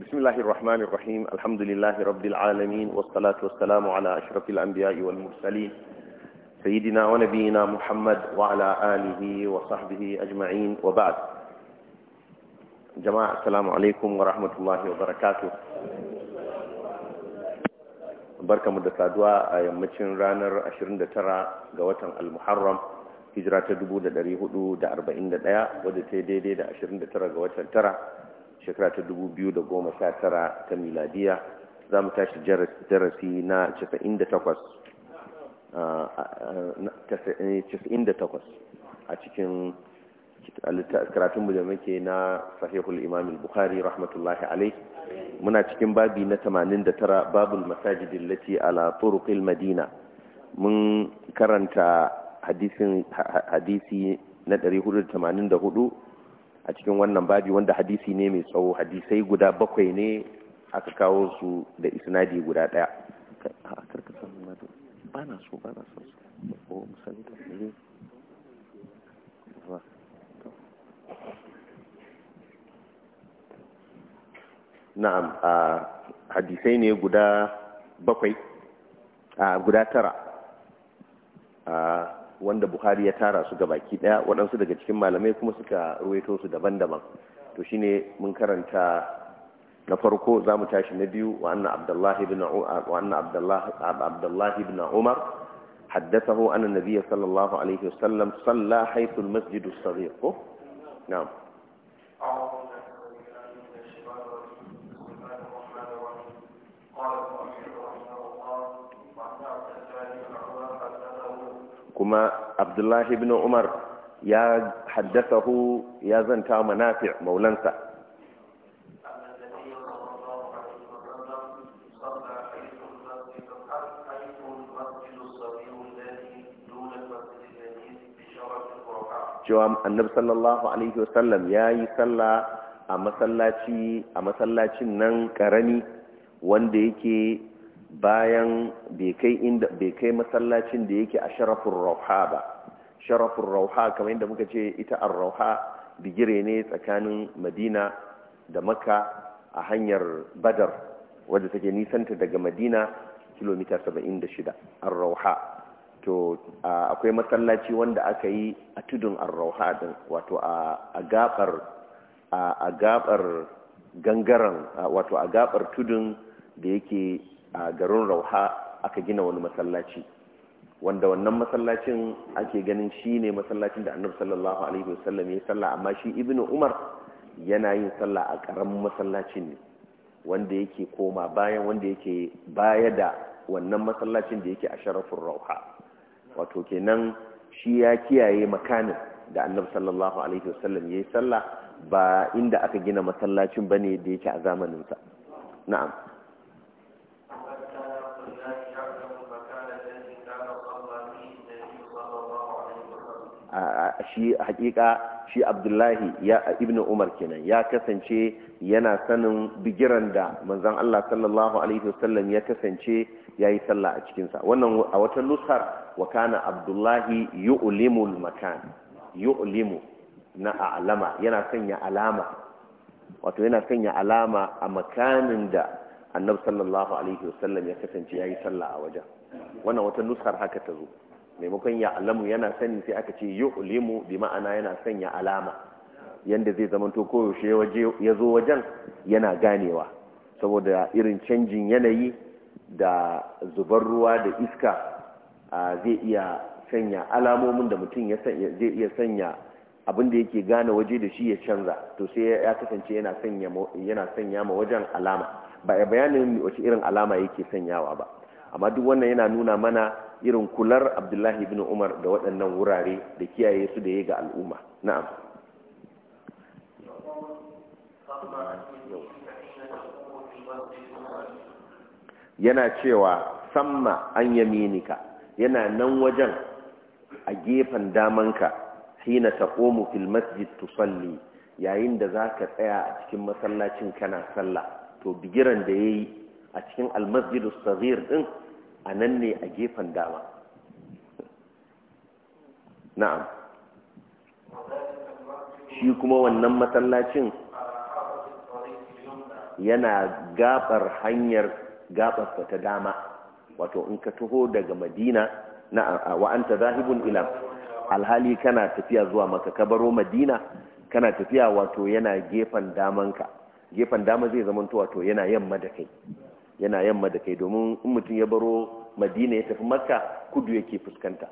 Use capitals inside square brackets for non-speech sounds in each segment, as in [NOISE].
بسم الله الرحمن الرحيم الحمد لله رب العالمين والصلاة والسلام على أشرف الأنبياء والمرسلين سيدنا ونبينا محمد وعلى آله وصحبه أجمعين وبعد جماعة السلام عليكم ورحمة الله وبركاته بركة mu da saduwa a yammacin ranar 29 ga watan al-muharram hijira ta 1441 wadda ta daidai da 29 ga shekara ta dubu biyu da goma tara, ta miladiya za mu tashi darasi na da takwas a cikin karatunmu da muke na sahihul imam bukhari rahmatullahi alai muna cikin babi na tamanin da tara, babul masajidin lati ala turuqil madina mun karanta hadisi na 484 a cikin wannan babi wanda hadisi ne mai tsawo hadisai guda bakwai ne aka kawo su da isnadi guda daya bana so bana so ko da ta ne na'am a hadisai ne guda bakwai a guda tara wanda buhari ya tara su ga baki daya waɗansu daga cikin malamai kuma suka ruwaito su daban-daban to shine mun karanta na farko za mu tashi na biyu wa anna abdullahi ibn wa anna abdullahi ibn umar haddathahu anna nabiyya sallallahu alaihi wasallam salla haythu al-masjid as-saghir na'am kuma abdullahi ibn umar ya hu, ya zanta ma maulansa cewa annabi sallallahu alaihi wasallam ya yi sallah a masallaci a masallacin nan karami wanda yake bayan bai kai masallacin da yake a sharafin rauha ba sharafin rauha kamar yadda muka ce ita an rauha bigire ne tsakanin madina da maka a hanyar badar wadda take nisanta daga madina kilomita 76 an rauha to akwai masallaci wanda aka yi a tudun an rauha din wato a gabar gangaren wato a gabar tudun da yake a garin rauha aka gina wani masallaci wanda wannan masallacin ake ganin shi ne masallacin da annabi sallallahu alaihi wasallam ya salla amma shi ibnu umar yana yin salla a karamin masallacin ne wanda yake koma bayan wanda yake baya da wannan masallacin da yake a sharafin rauha wato kenan shi ya kiyaye makanin da annabi sallallahu alaihi wasallam ya salla ba inda aka gina masallacin bane da yake a zamaninsa na'am shi hakika shi abdullahi ya ibn umar kenan ya kasance yana sanin bigiran da manzan Allah sallallahu alaihi wasallam ya kasance ya yi sallah a cikinsa wannan a wata nusar wa kana abdullahi yu'limul makan yu'limu na alama yana sanya alama wato yana sanya alama a makanin da annabu sallallahu alaihi wasallam ya kasance ya yi sallah a wajen wannan wata nusar haka ta zo maimakon ya alamu yana sani sai aka ce yi ulimu bi ma'ana yana sanya alama yadda zai zama to koyaushe ya zo wajen yana ganewa saboda irin canjin yanayi da zubar ruwa da iska zai iya sanya alamomin da mutum zai iya sanya abinda yake gane waje da shi ya canza to sai ya kasance yana sanya ma wajen alama ba a bayanin wace irin alama yake sanyawa ba amma duk wannan yana nuna mana irin kular abdullahi ibn umar da waɗannan wurare da kiyaye su da ya ga al'umma na'am yana cewa samma an yaminika yana nan wajen a gefen damanka hina taqumu fil masjid tusalli yayin da za ka tsaya a cikin masallacin kana sallah to bigiran da yayi a cikin almasjidu saghir din a nan ne a gefen dama na'am shi kuma wannan masallacin yana gabar hanyar gabar ta dama wato in ka taho daga madina na wa'anta zahibun ila alhali kana tafiya zuwa maka kabaro madina kana tafiya wato yana gefen damanka gefen dama zai zama to wato yana yamma da kai yana yamma da kai domin in mutum ya baro madina ya tafi makka kudu yake fuskanta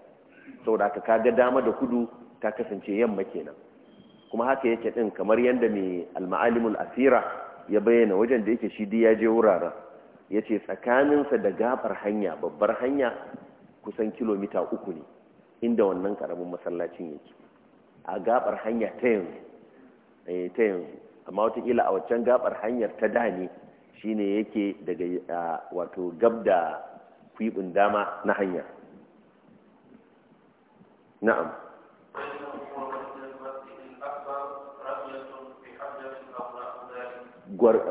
saboda haka kaga dama da kudu ta kasance yamma kenan kuma haka yake din kamar yadda mai alma'alimul asira ya bayyana wajen da yake shi ya je wuraren ya ce tsakaninsa da gabar hanya babbar hanya kusan kilomita uku ne inda wannan karamin masallacin yake a gabar hanya ta yanzu eh, amma watakila a waccan gabar hanyar ta da ne shine yake daga wato gab da kwibin dama na hanya na'am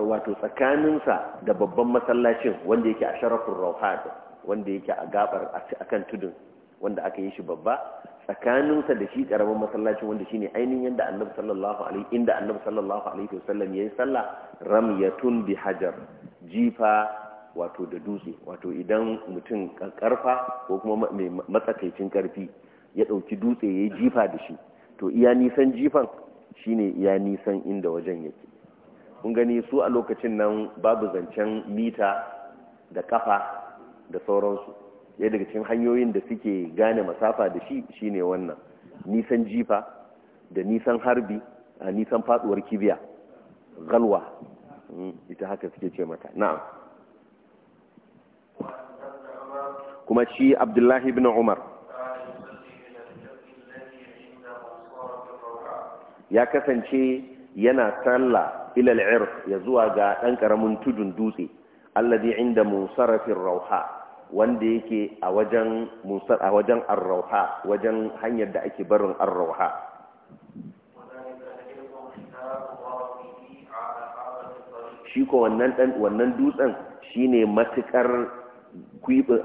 wato tsakaninsa da babban masallacin wanda yake a sharafin rauhad wanda yake a gabar akan tudun wanda aka yi shi babba tsakaninsa da shi karamin masallacin wanda shine ainihin yanda annabi sallallahu alaihi inda annabi sallallahu alaihi wasallam yayi sallah ramyatun bi hajar jifa wato da dutse wato idan mutum karfa ko kuma mai matsakaicin karfi ya dauki dutse yayi jifa da shi to iya nisan jifan shine iya nisan inda wajen yake kun gani su a lokacin nan babu zancen mita da kafa da sauransu ya daga cikin hanyoyin da suke gane masafa da shi shine wannan nisan jifa da nisan harbi a nisan faduwar kibiya galwa hmm, ita haka suke ce mata na'am kuma shi abdullahi ibn umar ya kasance yana talla ilal ya zuwa ga ɗan ƙaramin tudun dutse allazi inda musarafin rauha wanda yake a wajen musar a wajen arrauha wajen hanyar da ake barin arrauha shi ko wannan dan wannan dutsen shine matukar kwibin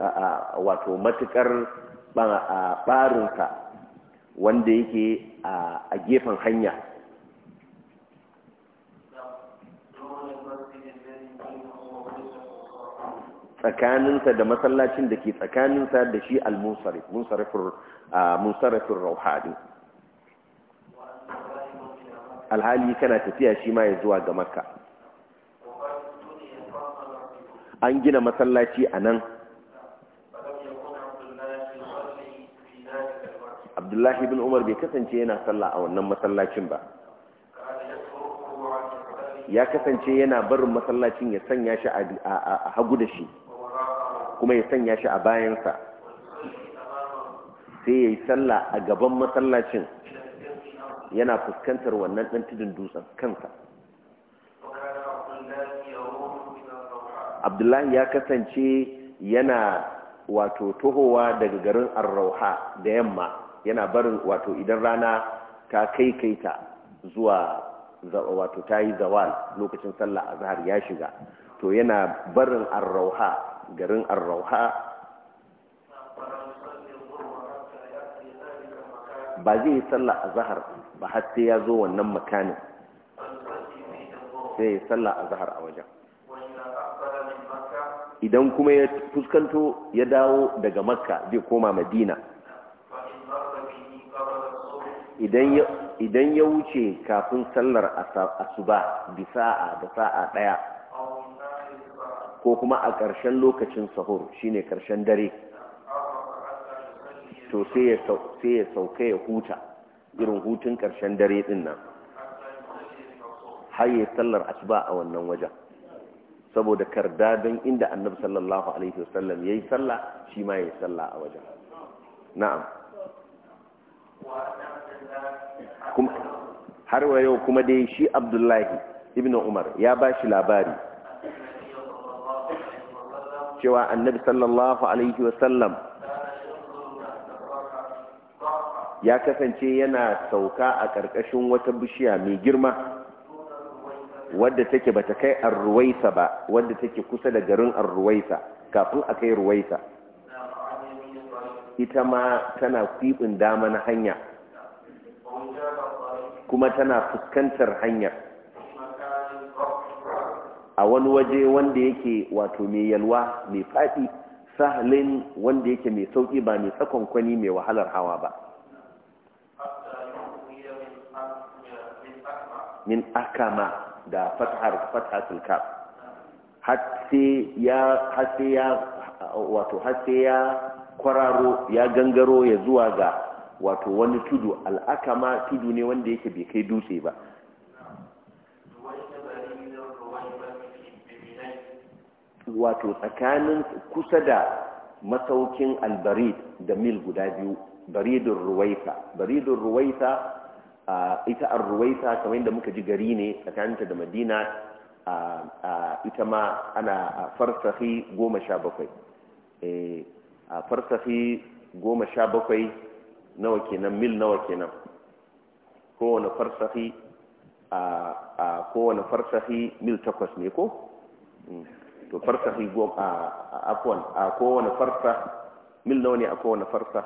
wato matukar barinsa wanda yake a gefen hanya tsakaninsa da masallacin da ke tsakaninsa da shi al-munsarif rauhani alhali kana tafiya shi ma ya zuwa ga maka. an gina masallaci a nan abdullahi bin umar bai kasance yana sallah a wannan masallacin ba ya kasance yana barin masallacin ya sanya shi a hagu da shi kuma ya sanya shi a bayansa sai ya yi sallah a gaban masallacin yana fuskantar wannan ɗan tudun dutsen kansa abdullahi ya kasance yana wato tohowa daga garin arrauha da yamma yana barin wato idan rana ta kai kaita zuwa wato ta yi zawal lokacin sallah a zahar ya shiga to yana barin arrauha garin arrauha ba zai yi sallah a zahar ba har ya zo wannan makanin sai yi sallah a zahar a wajen idan kuma ya fuskanto ya dawo daga makka zai koma madina idan ya wuce kafin sallar asuba bisa a da sa'a daya ko kuma a ƙarshen lokacin sahur shine ƙarshen dare to sai ya sauka ya huta irin hutun ƙarshen dare ɗin nan har ya sallar asuba a wannan wajen saboda karda don inda annab sallallahu alaihi wasallam yi sallah shi ma yayi sallah a wajen na'am har wa yau kuma dai shi abdullahi ibn umar ya ba shi labari cewa annabi sallallahu alaihi wasallam ya kasance yana sauka a ƙarƙashin wata bishiya mai girma wadda take bata kai arruwaisa ba wadda take kusa da garin arruwaisa kafin a kai ruwaisa ita ma tana kwibin dama na hanya kuma tana fuskantar hanyar a wani waje wanda yake wato mai yalwa mai faɗi sahalin wanda yake mai sauki ba mai tsakon mai wahalar hawa ba min akama da fathar fathatul kaf ya ya wato ya kwararo ya gangaro ya zuwa ga wato wani tudu al'akama tudu ne wanda yake bai kai dutse ba wato tsakanin kusa da masaukin albarid da mil guda biyu baridun ruwaisa baridun ruwaisa ita an ruwaita kamar yadda muka ji gari ne tsakaninta da madina ita ma ana farsafi goma sha bakwai e, Farsafi goma sha bakwai nawa kenan mil nawa kenan kowane a kowane farsafi mil takwas ne ko hmm. to hi go a afwan a kowane farsa mil nawa ne a kowane farsa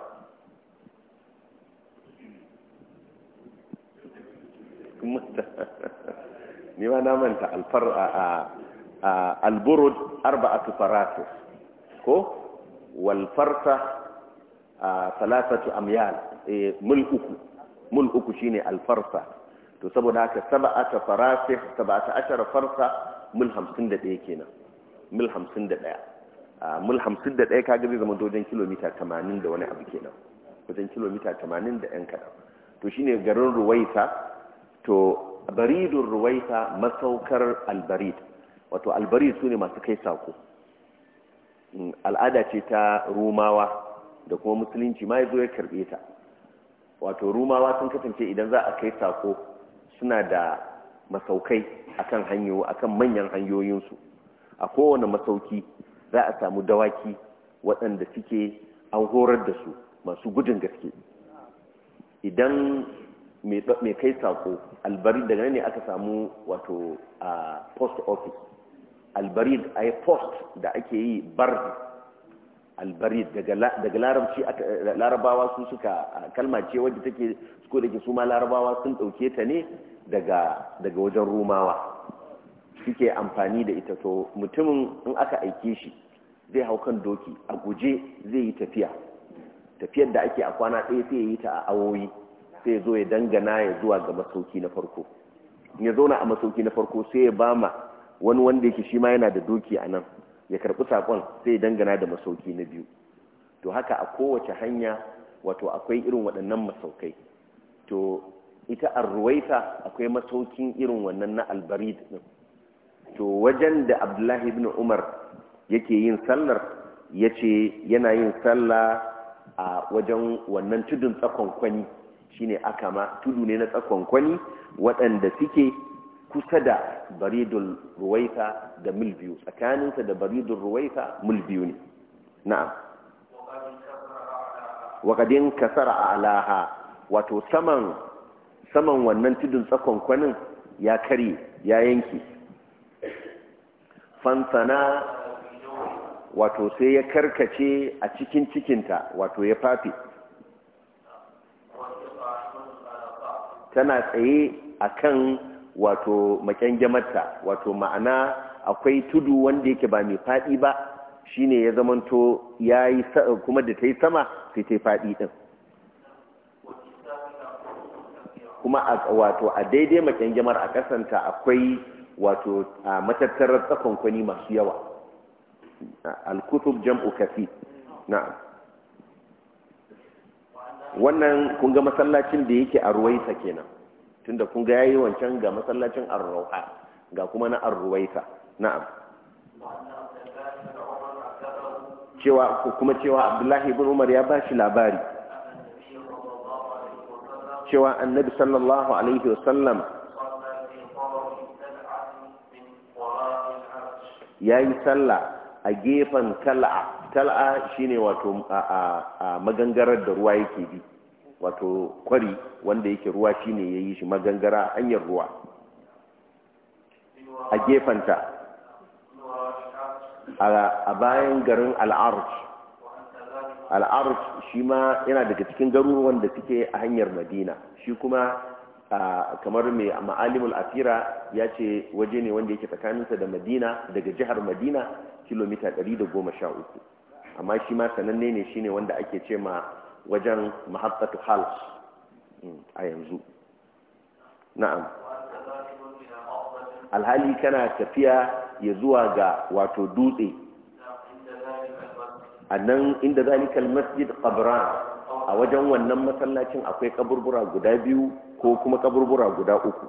[LAUGHS] ni ma na manta alfar a alburud arba'atu faratis ko wal farsa salasatu amyal e, mul uku mul uku shine al farsa to saboda haka sab'ata farasih sab'ata ashara farsa mul 51 kenan mil hamsin da ɗaya mil hamsin da ɗaya kaga zai zama wajen kilomita tamanin da wani abu kenan wajen kilomita tamanin da yan kaɗan to shine garin ruwaita to baridun ruwaita masaukar albarid wato albarid su ne masu kai sako mm, al'ada ce ta rumawa da kuma musulunci ma ya zo ya karbe ta wato rumawa sun kasance idan za a kai sako suna da masaukai akan hanyoyi akan manyan hanyoyinsu a kowane masauki za a samu dawaki waɗanda suke an horar da su masu gudun gaske idan mai kai sako albarid daga ne aka samu wato a post office albarid a post da ake yi bar albarid daga larabci larabawa su suka kalma ce wadda take suko da ke su larabawa sun ɗauke ta ne daga wajen rumawa suke amfani da ita to mutumin in aka aike shi zai hau kan doki a guje zai yi tafiya tafiyar da ake a kwana ɗaya sai ya yi ta a awoyi sai ya zo ya dangana ya zuwa ga masauki na farko ya zauna a masauki na farko sai ya bama wani wanda yake shi ma yana da doki a nan ya karɓi saƙon sai ya dangana da masauki na biyu to haka a kowace hanya wato akwai irin waɗannan masaukai to ita arruwaita akwai masaukin irin wannan na albarid din to wajen da abdullahi ibn umar yake yin sallar ya ce yana yin salla a wajen wannan tudun tsakon kwani ne aka ma tudu ne na tsakon kwani waɗanda suke kusa da baridul ruwaita da mil biyu tsakaninsa da baridul ruwaita mil biyu ne na'am wakadin kasara a alaha wato saman saman wannan tudun tsakon kwanin ya karye ya yanki. fansana wato sai ya karkace a cikin cikinta wato ya fafi tana tsaye a kan wato makyangamarta wato ma'ana akwai tudu wanda yake ba mai faɗi ba shine ya zamanto ya yi kuma da ta yi sama sai ta yi faɗi ɗin kuma wato a daidai makyangamar a kasanta akwai wato matattarar tsakon kwani masu yawa al-kutub jam'u kafi na'am wannan kun ga masallacin da yake a ruwaisa kenan tunda kun ga yayi wancan ga masallacin ar ga kuma na ar na'am cewa kuma cewa Abdullahi ibn Umar ya ba shi labari cewa Annabi sallallahu alaihi wasallam ya yi sallah a gefen tal'a tal'a shine wato a magangarar da ruwa yake bi wato kwari wanda yake ruwa shine ya yi shi magangara hanyar ruwa a gefenta a bayan garin al'arci al'arci shi ma yana daga cikin garuruwan da suke a hanyar madina shi kuma kamar mai ma'alimul asira ya ce waje ne wanda yake tsakaninsa da madina daga jihar madina kilomita 113 amma shi ma sananne ne shine wanda ake ce ma wajen mahabbatu hal hmm, a yanzu na'am alhali kana tafiya ya zuwa ga wato dutse a nan inda zalikal masjid qabran a wajen wannan masallacin akwai kaburbura guda biyu ko kuma kaburbura guda uku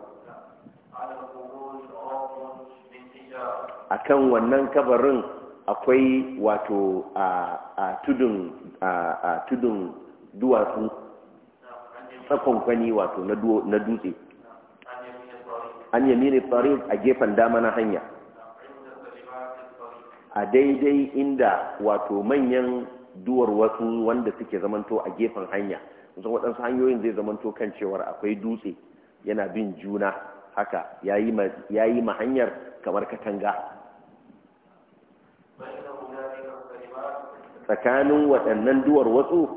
akan wannan kabarin akwai wato a tudun a tudun duwatsu tsakonkwani wato na dutse an mini tsarin a gefen dama na hanya a daidai inda wato manyan duwar wasu wanda suke zamanto a gefen hanya kusan waɗansu hanyoyin zai zamanta kan cewar akwai dutse yana bin juna haka ya yi ma hanyar kamar katanga tsakanin waɗannan duwar watsu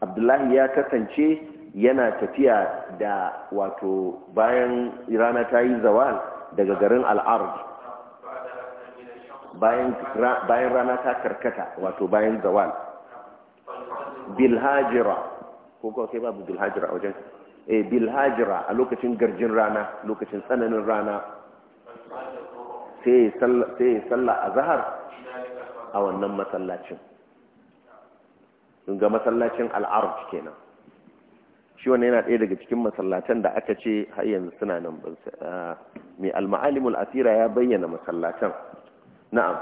abdullahi ya kasance yana tafiya da wato bayan rana ta yi zawal daga garin al'arz bayan rana ta karkata wato bayan zawal bilhajira ko kuma sai babu bilhajira wajen eh bilhajira a lokacin garjin rana lokacin tsananin rana sai ya salla a zahar a wannan masallacin ga masallacin al'arj kenan shi wannan yana ɗaya daga cikin masallacin da aka ce har yanzu suna nan ah, mai al-ma'alimul asira ya bayyana masallacin na'am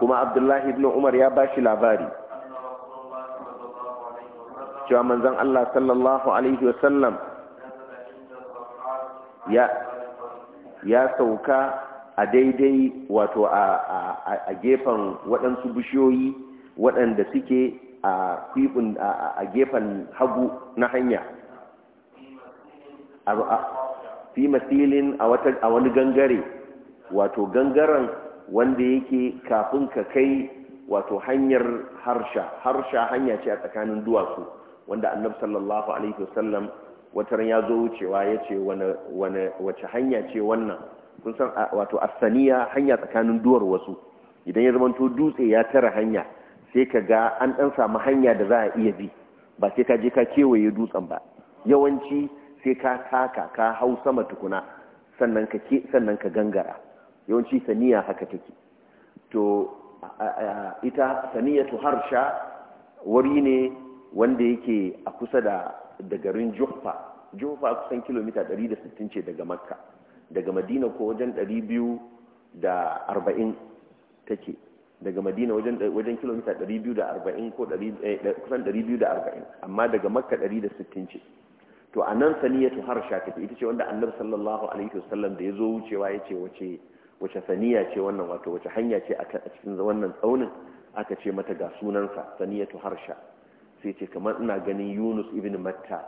kuma abdullahi ibn umar ya bashi labari cewa manzon Allah sallallahu alaihi wasallam ya ya sauka a daidai wato a gefen waɗansu bishiyoyi waɗanda suke a kwifin a gefen hagu na hanya fi masilin a wani gangare wato gangaren wanda yake kafin ka kai wato hanyar harsha harsha hanya ce a tsakanin duwatsu wanda annabi sallallahu alaihi wasallam wata ran ya zo wucewa ya ce wace hanya ce wannan kun san wato asaniya hanya tsakanin duwar wasu idan ya zamanto dutse ya tara hanya sai ka ga an ɗan samu hanya da za a iya bi ba sai ka je ka kewaye dutsen ba yawanci sai ka taka ka hau sama tukuna sannan ka ke sannan ka gangara yawanci saniya haka take to ita saniyatu harsha wuri ne wanda yake a kusa da garin Juhfa Juhfa kusan kilomita 160 ce daga Makka daga Madina ko wajen 240 take daga Madina wajen kilomita 240 ko eh, kusan 240 amma daga Makka 160 ce to a nan har sha tafi ita ce wanda Annar sallallahu alaihi wasallam da ya zo wucewa ya ce wace wace saniya ce wannan wato wace hanya ce a cikin wannan tsaunin aka ce mata ga sunansa saniyatu harsha sai ce kamar ina ganin yunus ibn matta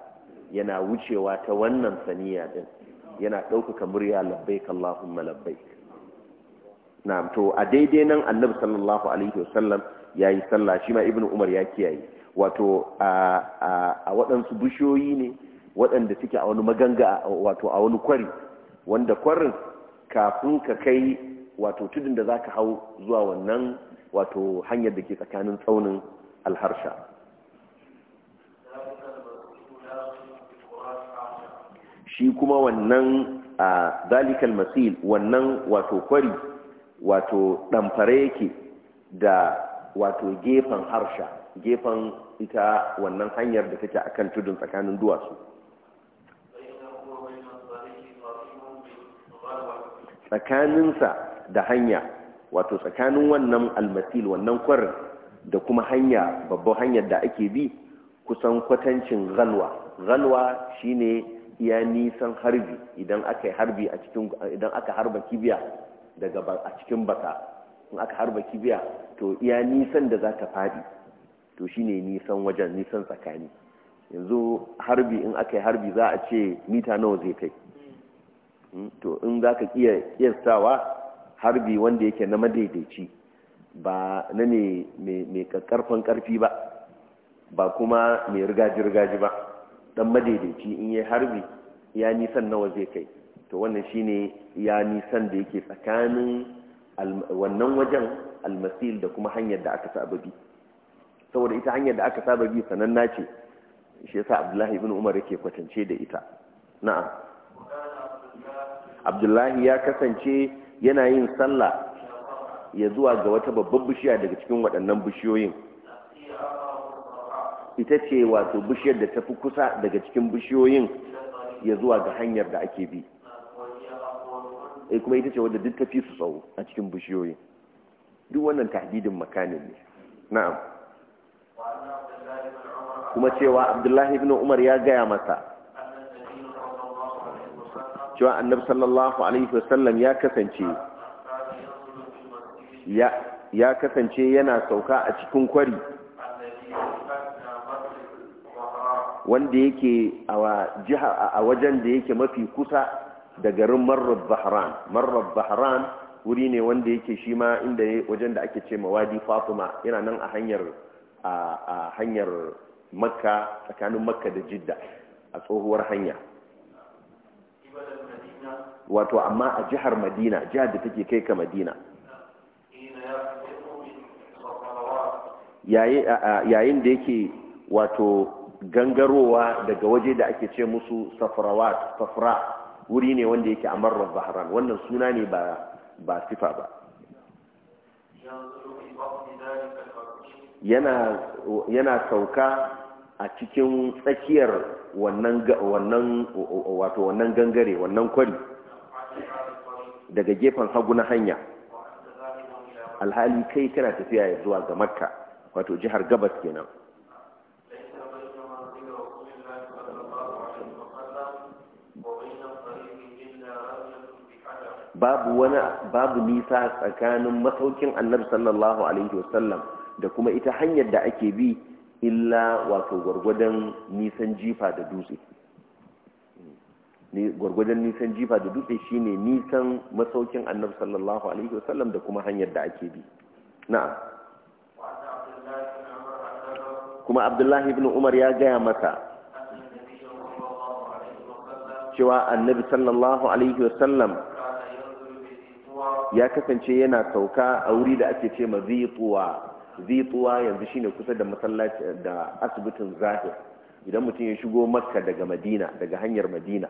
yana wucewa ta wannan saniya din yana ɗaukaka murya labbai allahumma malabbai Na to a daidai nan annabi sallallahu alaihi wasallam yi sallah shi ma ibn umar ya kiyaye wato a waɗansu bishiyoyi ne waɗanda suke a wani maganga wato a wani kwari wanda kwarin kafin ka kai wato tudun da za ka hau zuwa wannan wato hanyar da ke tsakanin tsaunin alharsha shi kuma wannan a zalikal masil wannan wato kwari wato ɗamfare yake da wato gefen harsha gefen ita wannan hanyar da take akan tudun tsakanin duwatsu tsakaninsa da hanya wato tsakanin wannan almasil wannan kwarin da kuma hanya babban hanyar da ake bi kusan kwatancin galwa galwa shine iya nisan harbi idan aka harbi a cikin idan aka harba kibiya daga a cikin baka in aka harba kibiya to iya nisan da za ta faɗi to shine nisan wajen nisan tsakani yanzu harbi in aka yi harbi za a ce mita nawa zai kai hmm, to in za ka iya kiyastawa harbi wanda yake na madaidaici ba na ne mai karfin karfi ba ba kuma mai rigaji-rigaji ba dan madaidaici in yayi harbi ya nisan nawa zai kai to wannan shine ya nisan da yake tsakanin wannan wajen almasil da kuma hanyar da aka saba bi saboda ita hanyar da aka saba bi sananna ce shi yasa Abdullahi ibn Umar yake kwatance da ita na'am Abdullahi ya kasance yana yin sallah ya zuwa ga wata babbar bishiya daga cikin waɗannan bishiyoyin ita ce wato bishiyar da ta fi kusa daga cikin bishiyoyin ya zuwa ga hanyar da ake bi e kuma ita ce wadda duk tafi su tsawo a cikin bishiyoyin duk wannan tahdidin makanin ne na'am kuma cewa abdullahi ibn umar ya gaya masa cewa annabi sallallahu alaihi wasallam ya kasance ya kasance yana sauka a cikin kwari wanda yake a wajen da yake mafi kusa da garin marar bahran marar bahran wuri ne wanda yake shi ma inda wajen da ake ce mawadi fatima yana nan a hanyar a hanyar makka tsakanin makka da jidda a tsohuwar hanya wato amma a jihar madina jihar da take kai ka madina yayin da yake wato gangarowa daga waje da ake ce musu safrawat safra wuri ne wanda yake a marar wannan suna ne ba sifa ba yana sauka a cikin tsakiyar wannan gangare wannan kwari daga gefen hagu na hanya alhali kai kana tafiya zuwa ga makka wato jihar gabas kenan babu wani babu nisa tsakanin masaukin annabi sallallahu alaihi wasallam da kuma ita hanyar da ake bi illa wato gwargwadon nisan jifa da dutse gwargwadon nisan jifa da dutse shine nisan masaukin annabi sallallahu alaihi wasallam da kuma hanyar da ake bi na'am kuma abdullahi ibn umar ya gaya masa cewa annabi sallallahu alaihi wasallam ya kasance yana sauka a wuri da ake ce ma zituwa zituwa yanzu shine kusa da masallaci da asibitin zahir idan mutum ya shigo makka daga madina daga hanyar madina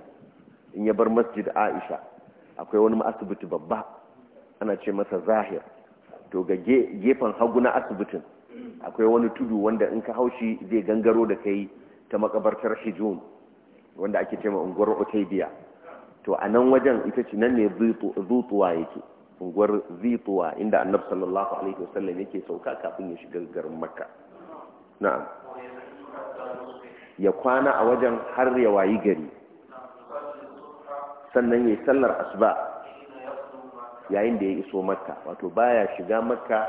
in ya bar masjid aisha akwai wani asibiti babba ana ce masa zahir to ga gefen hagu na asibitin akwai wani tudu wanda in ka haushi zai gangaro da kai ta makabartar hijun wanda ake ce ma unguwar otaibiya to a nan wajen ita ce nan ne zutuwa yake unguwar zituwa inda annab sallallahu alaihi wasallam yake sauka kafin ya shiga garin makka na'am ya kwana a wajen har ya wayi gari sannan ya yi sallar asuba yayin da ya iso makka wato baya shiga makka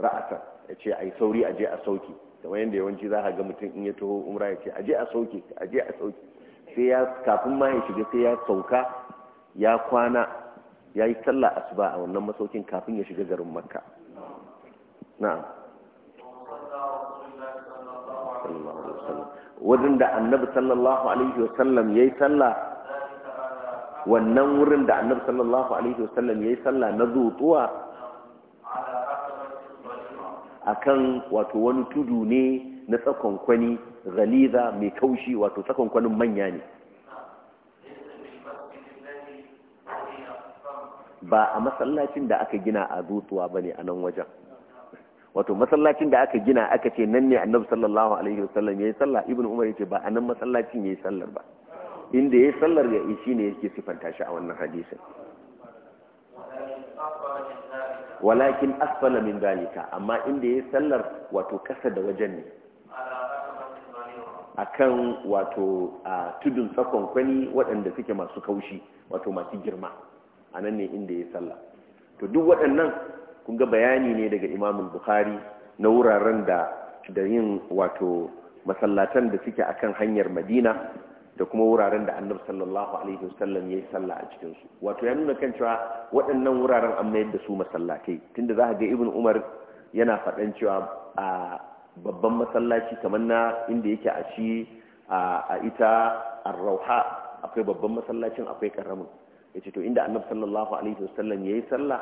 ra'atan ya ce a yi sauri a a sauki kamar yadda yawanci za ka ga mutum in ya taho umra ya ce aje a sauki aje a sauki sai ya kafin ma ya shiga sai ya sauka ya kwana ya yi sallah asuba a wannan masaukin kafin ya shiga garin makka na'am wajen da annabi sallallahu alaihi wasallam ya yi sallah wannan wurin da annabi sallallahu alaihi wasallam ya yi sallah na zutuwa akan wato wani tudu ne na tsakon kwani galiza mai kaushi wato tsakon kwanin manya ne ba a masallacin da aka gina a zutuwa ba ne a nan wajen wato masallacin da aka gina aka ce nan ne annabi sallallahu alaihi wasallam yi sallah ibnu umar ya ce ba a nan masallacin ya yi sallar ba inda ya yi sallar ya yi ne yake sifanta shi a wannan hadisin walakin asfala min dalika amma inda ya yi sallar wato kasa da wajen ne akan wato a tudun tsakon kwani waɗanda suke masu kaushi wato masu girma a nan ne inda ya salla to duk waɗannan kun ga bayani ne daga imamul bukari na wuraren da da yin wato masallatan da suke akan hanyar madina da kuma wuraren da annabi sallallahu alaihi wasallam ya yi sallah a cikinsu wato ya nuna kan cewa waɗannan wuraren an mayar da su masallatai tunda za a ga ibn umar yana faɗan cewa a babban masallaci kamar na inda yake a shi a ita arrauha akwai babban masallacin akwai ƙaramin. ce to inda annabi sallallahu alaihi wasallam yi sallah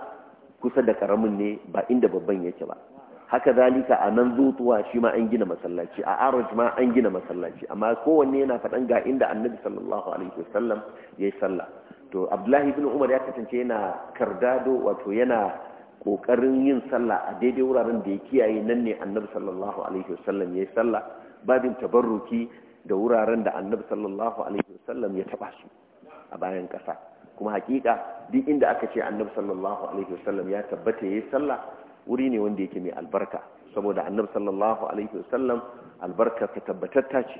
kusa da karamin ne ba inda babban yake ba haka zalika a nan zutuwa shi ma an gina masallaci a araj ma an gina masallaci amma kowanne yana faɗan ga inda annabi sallallahu alaihi wasallam yi sallah to abdullahi ibn umar ya kasance yana kardado wato yana kokarin yin sallah a daidai wuraren da ya kiyaye nan ne annabi sallallahu alaihi wasallam yayi sallah babin tabarruki da wuraren da annabi sallallahu alaihi wasallam ya taba su a bayan kasa kuma hakika duk inda aka ce annabi sallallahu alaihi wasallam ya tabbata yayi sallah wuri ne wanda yake mai albarka saboda annabi sallallahu alaihi wasallam albarka ta tabbatatta ce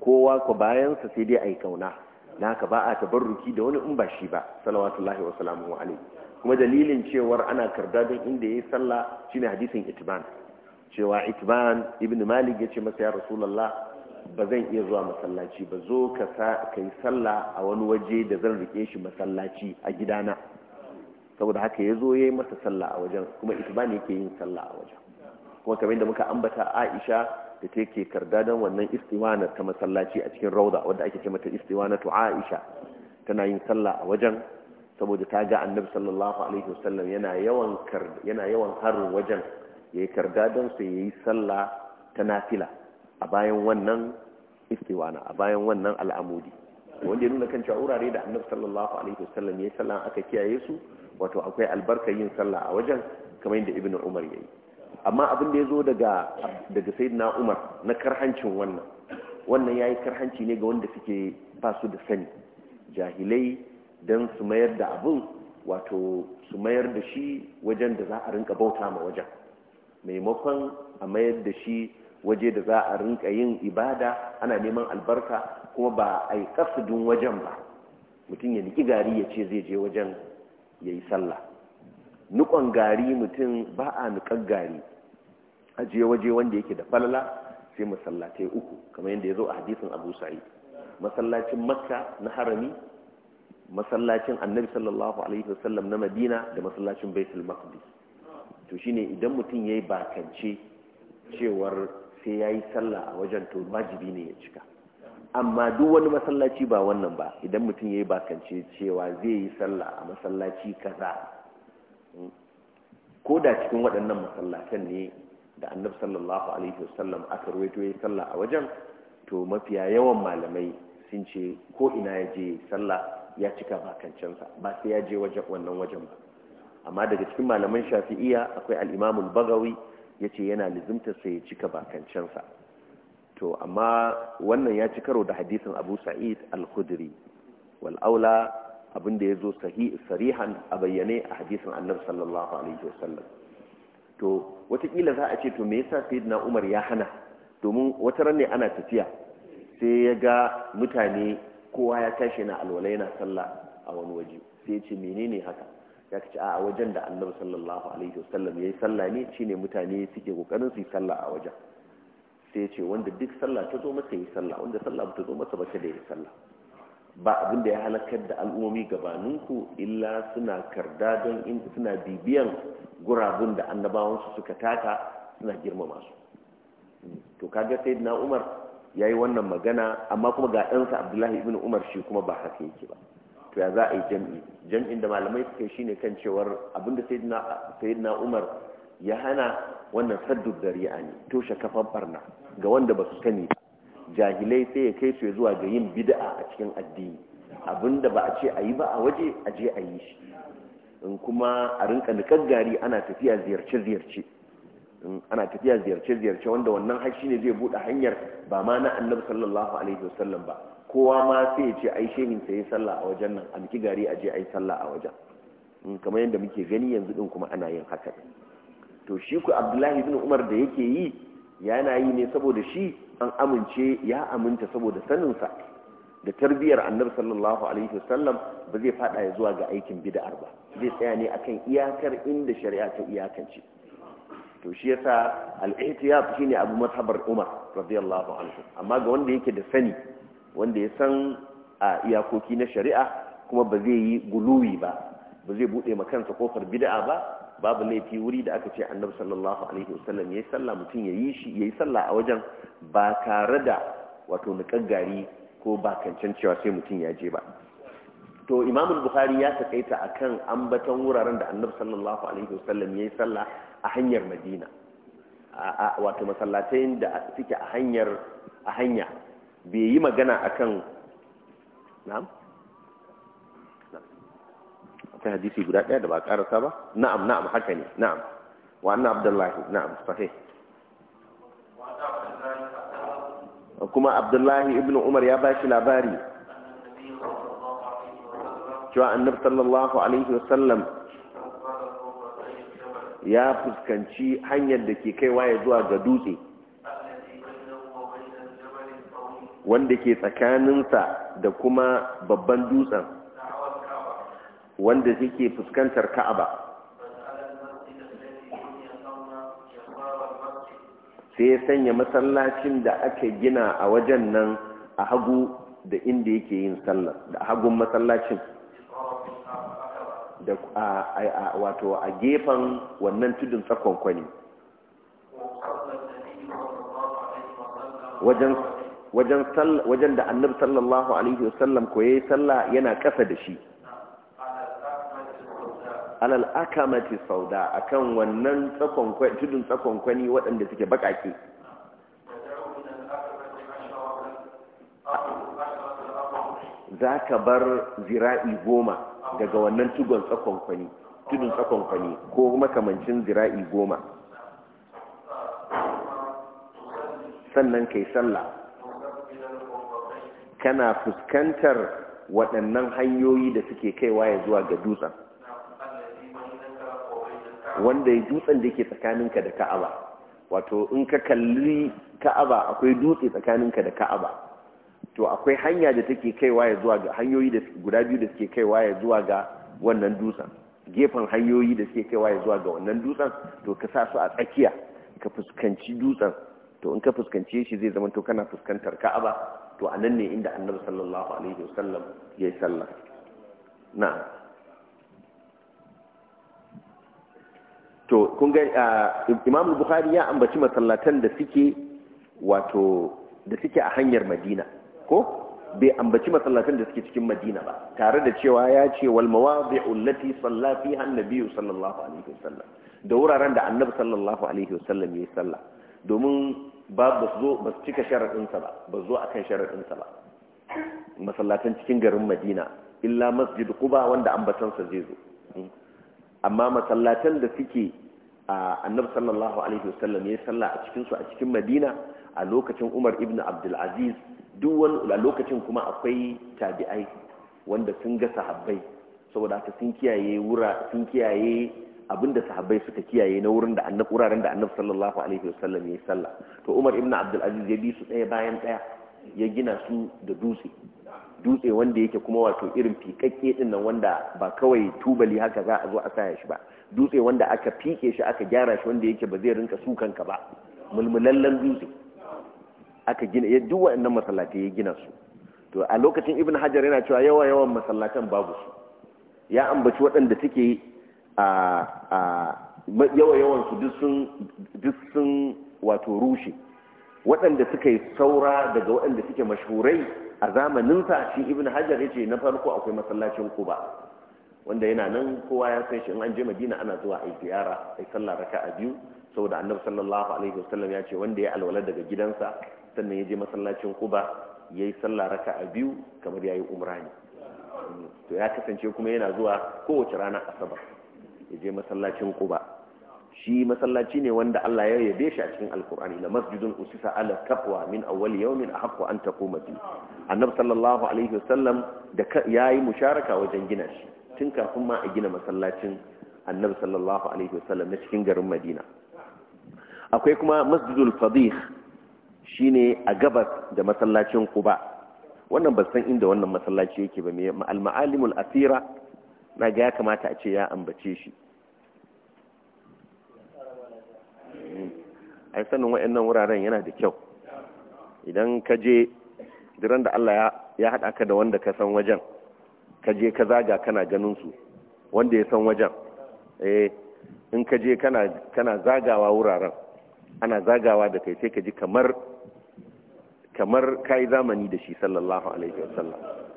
kowa ko bayan sa sai dai ai kauna na haka ba a tabarruki da wani in ba shi ba salawatullahi wa salamuhu kuma dalilin cewar ana karda don inda yayi sallah shine hadisin itban cewa itban ibn malik yace masa ya rasulullah ba zan iya zuwa masallaci ba zo ka yi sallah a wani waje da zan rike shi masallaci a gidana saboda haka ya zo ya yi masa sallah a wajen kuma ita ba ne yake yin sallah a wajen kuma kamar da muka ambata aisha da ta ke karda don wannan istiwana ta masallaci a cikin rauda wadda ake ce mata istiwana to aisha tana yin sallah a wajen saboda ta ga annabi sallallahu alaihi wasallam yana yawan yana yawan harin wajen yayi karda don yayi sallah ta nafila a bayan wannan istiwana a bayan wannan al'amudi wanda ya nuna kan cewa wurare da annabi sallallahu alaihi wasallam ya sallan aka kiyaye su wato akwai albarkar yin sallah a wajen kamar yadda ibnu umar yayi amma abin da ya zo daga daga sayyidina umar na karhancin wannan wannan yayi karhanci ne ga wanda suke ba su da sani jahilai dan su mayar da abun wato su mayar da shi wajen da za a rinka bauta ma wajen maimakon a mayar da shi waje da za a rinka yin ibada ana neman albarka kuma ba a yi kasudin wajen ba mutum ya niki gari ya ce zai je wajen ya yi sallah nukon gari mutum ba a nukar gari a je waje wanda yake da falala sai masallatai uku kamar yadda ya zo a hadisin abu sa'id masallacin makka na harami masallacin annabi sallallahu alaihi wasallam na madina da masallacin baitul maqdis to shine idan mutum yayi bakance cewar sai ya yi sallah a wajen to wajibi ne ya cika amma duk wani masallaci ba wannan ba idan mutum ya yi bakance cewa zai yi sallah a masallaci kaza hmm, ko da cikin waɗannan masallatan ne da annabi sallallahu alaihi wasallam aka ruwaito ya yi sallah a wajen to mafiya yawan malamai sun ce ko ina ya je sallah ya cika bakancensa ba sai ya je wajen wannan wajen ba amma daga cikin malaman shafi'iya akwai alimamul bagawi ya ce yana lizimta sai ya cika bakancensa to amma wannan ya ci karo da hadisin abu sa'id al-khudri wal'aula abinda ya zo sarihan a bayyane a hadisin annar sallallahu alaihi wasallam to watakila za a ce to me yasa na umar ya hana domin wata ran ana tafiya sai ya ga mutane kowa ya tashi na alwala yana sallah a wani waje sai ya ce menene haka ya ce a wajen da annabi sallallahu alaihi wasallam yayi sallah ne shine mutane suke kokarin su yi sallah a wajen sai ce wanda duk sallah ta zo masa yi sallah wanda sallah ba ta zo masa ba ta yi sallah ba abin da ya halakar da al'ummi gabaninku illa suna karda don in suna bibiyan gurabun da annabawan su suka taka suna girmama su to kaga sayyidina na umar yayi wannan magana amma kuma ga ɗansa abdullahi ibn umar shi kuma ba haka yake ba to ya za a yi jam'i jam'in da malamai suke shi ne kan cewar abinda sayyidina umar ya hana wannan saddu dariya ne toshe kafan barna ga wanda ba su sani ba jahilai sai ya kai su zuwa ga yin bid'a a cikin addini abinda ba a ce a yi ba a waje a je a yi shi in kuma a rinka nikan gari ana tafiya ziyarce-ziyarce ana tafiya ziyarce-ziyarce wanda wannan har ne zai buɗe hanyar ba ma na annabi sallallahu alaihi wasallam ba kowa ma sai ya ce ai shehin sa yi sallah a wajen nan a gari a je ai sallah a wajen hmm, kamar yadda muke gani yanzu din kuma ana yin haka to shi ku abdullahi bin umar da yake yi yana yi ne saboda shi an amince ya aminta saboda saninsa da tarbiyar annabi sallallahu alaihi wasallam ba zai fada ya zuwa ga aikin bid'ar ba zai tsaya ne akan iyakar inda shari'a ta iyakance to shi yasa al ihtiyab shine abu mazhabar umar radiyallahu anhu amma ga wanda yake da sani wanda ya san a iyakoki na shari'a kuma ba zai yi guluwi ba ba zai buɗe ma kansa kofar bida'a ba babu laifi wuri da aka ce annabi sallallahu alaihi wasallam yayi sallah mutum yayi shi yayi sallah a wajen ba tare da wato nukaggari ko ba kancan cewa sai mutum ya je ba to imam bukhari ya takaita akan ambaton wuraren da annabi sallallahu alaihi wasallam yayi sallah a hanyar madina a wato masallatai da suke a hanyar a hanya bai yi magana kan na'am ta hadisi guda ɗaya da ba karasa ba na'am na'am haka ne na'am wa abdullahi na'am sahih kuma abdullahi ibn umar ya bashi labari cewa annabi sallallahu alaihi wasallam ya fuskanci hanyar da ke kaiwa ya zuwa ga dutse wanda ke tsakaninsa da kuma babban dutsen wanda yake fuskantar ka'aba sai ya sanya masallacin da aka gina a wajen nan a hagu da inda yake yin sallar da hagun masallacin da wato a gefen wannan tudun tsakon kwani wajen wajen da annabi sallallahu alaihi wasallam ko yayi sallah yana kasa da shi alal akamati sauda akan wannan tsakon tudun tsakon kwani waɗanda suke bakake zaka bar zira'i goma daga wannan tudun tsakon kwani tudun tsakon kwani ko makamancin zira'i goma sannan kai sallah kana fuskantar waɗannan hanyoyi da suke kaiwa ya zuwa ga dutsen wanda ya dutsen da ke tsakaninka da ka'aba wato in ka kalli ka'aba akwai dutse tsakaninka da ka'aba to akwai hanya da take kaiwa ya zuwa ga hanyoyi da guda biyu da suke kaiwa ya zuwa ga wannan dutsen gefen hanyoyi da suke kaiwa ya zuwa ga wannan dutsen to ka sa su a tsakiya ka fuskanci dutsen to in ka fuskance shi zai zama to kana fuskantar ka'aba to a nan ne inda annabi sallallahu alaihi wasallam ya yi sallah na to kun ga imam bukhari ya ambaci masallatan da suke wato da suke a hanyar madina ko bai ambaci masallatan da suke cikin madina ba tare da cewa ya ce wal mawadi'u allati salla fiha an-nabi sallallahu alaihi wasallam da wuraren da annabi sallallahu alaihi wasallam ya yi sallah domin ba ba zo ba su cika sharaɗinsa ba ba zo kan sharaɗinsa ba masallatan cikin garin madina illa masjid quba wanda ambatansa zai zo amma masallatan da suke annabi sallallahu alaihi wasallam ya salla a cikin a cikin madina a lokacin umar ibn abdul aziz duk wani a lokacin kuma akwai tabi'ai wanda sun ga sahabbai saboda haka sun kiyaye wura sun kiyaye abinda sahabbai suka kiyaye na wurin da annabi wuraren da annabi sallallahu alaihi wasallam ya salla to Umar ibn Abdul Aziz ya bi su ɗaya bayan ɗaya ya gina su da dutse dutse wanda yake kuma wato irin fikakke din nan wanda ba kawai tubali haka za a zo a saya shi ba dutse wanda aka fike shi aka gyara shi wanda yake ba zai rinka sukanka ba mulmulallen dutse aka gina ya duk waɗannan masallatai ya gina su to a lokacin Ibn Hajar yana cewa yawa yawan masallatan babu su ya ambaci waɗanda suke yawa yawansu duk sun wato rushe waɗanda suka yi saura daga waɗanda suke mashurai a zamaninsa shi ibn hajar ya ce na farko akwai masallacin kuba wanda yana nan kowa ya san shi in an je madina ana zuwa a ziyara a yi sallah raka a biyu saboda annabi sallallahu alaihi wasallam ya ce wanda ya alwala daga gidansa sannan ya je masallacin kuba ya yi sallah raka a biyu kamar ya yi umra to ya kasance kuma yana zuwa kowace rana asabar ya je masallacin quba shi masallaci ne wanda Allah ya yabe shi a cikin alkur'ani la masjidun usisa ala taqwa min awwal yawmin ahqqu an taquma fi annabi sallallahu alaihi wasallam da yayi musharaka wajen gina shi tun kafin ma a gina masallacin annabi sallallahu alaihi wasallam na cikin garin Madina akwai kuma masjidul fadih shine a gabas da masallacin Quba wannan ban san inda wannan masallaci yake ba me al ma'alimul asira na ga ya kamata a ce ya ambace shi hmm. a yi sanin wa'annan wuraren yana da kyau idan ka je duran da Allah ya haɗa ka da wanda ka san wajen ka je ka zaga kana ganin su wanda ya san wajen eh in ka je kana zagawa wuraren ana zagawa da kai sai ka ji kamar kamar kai zamani da shi sallallahu alaihi wasallam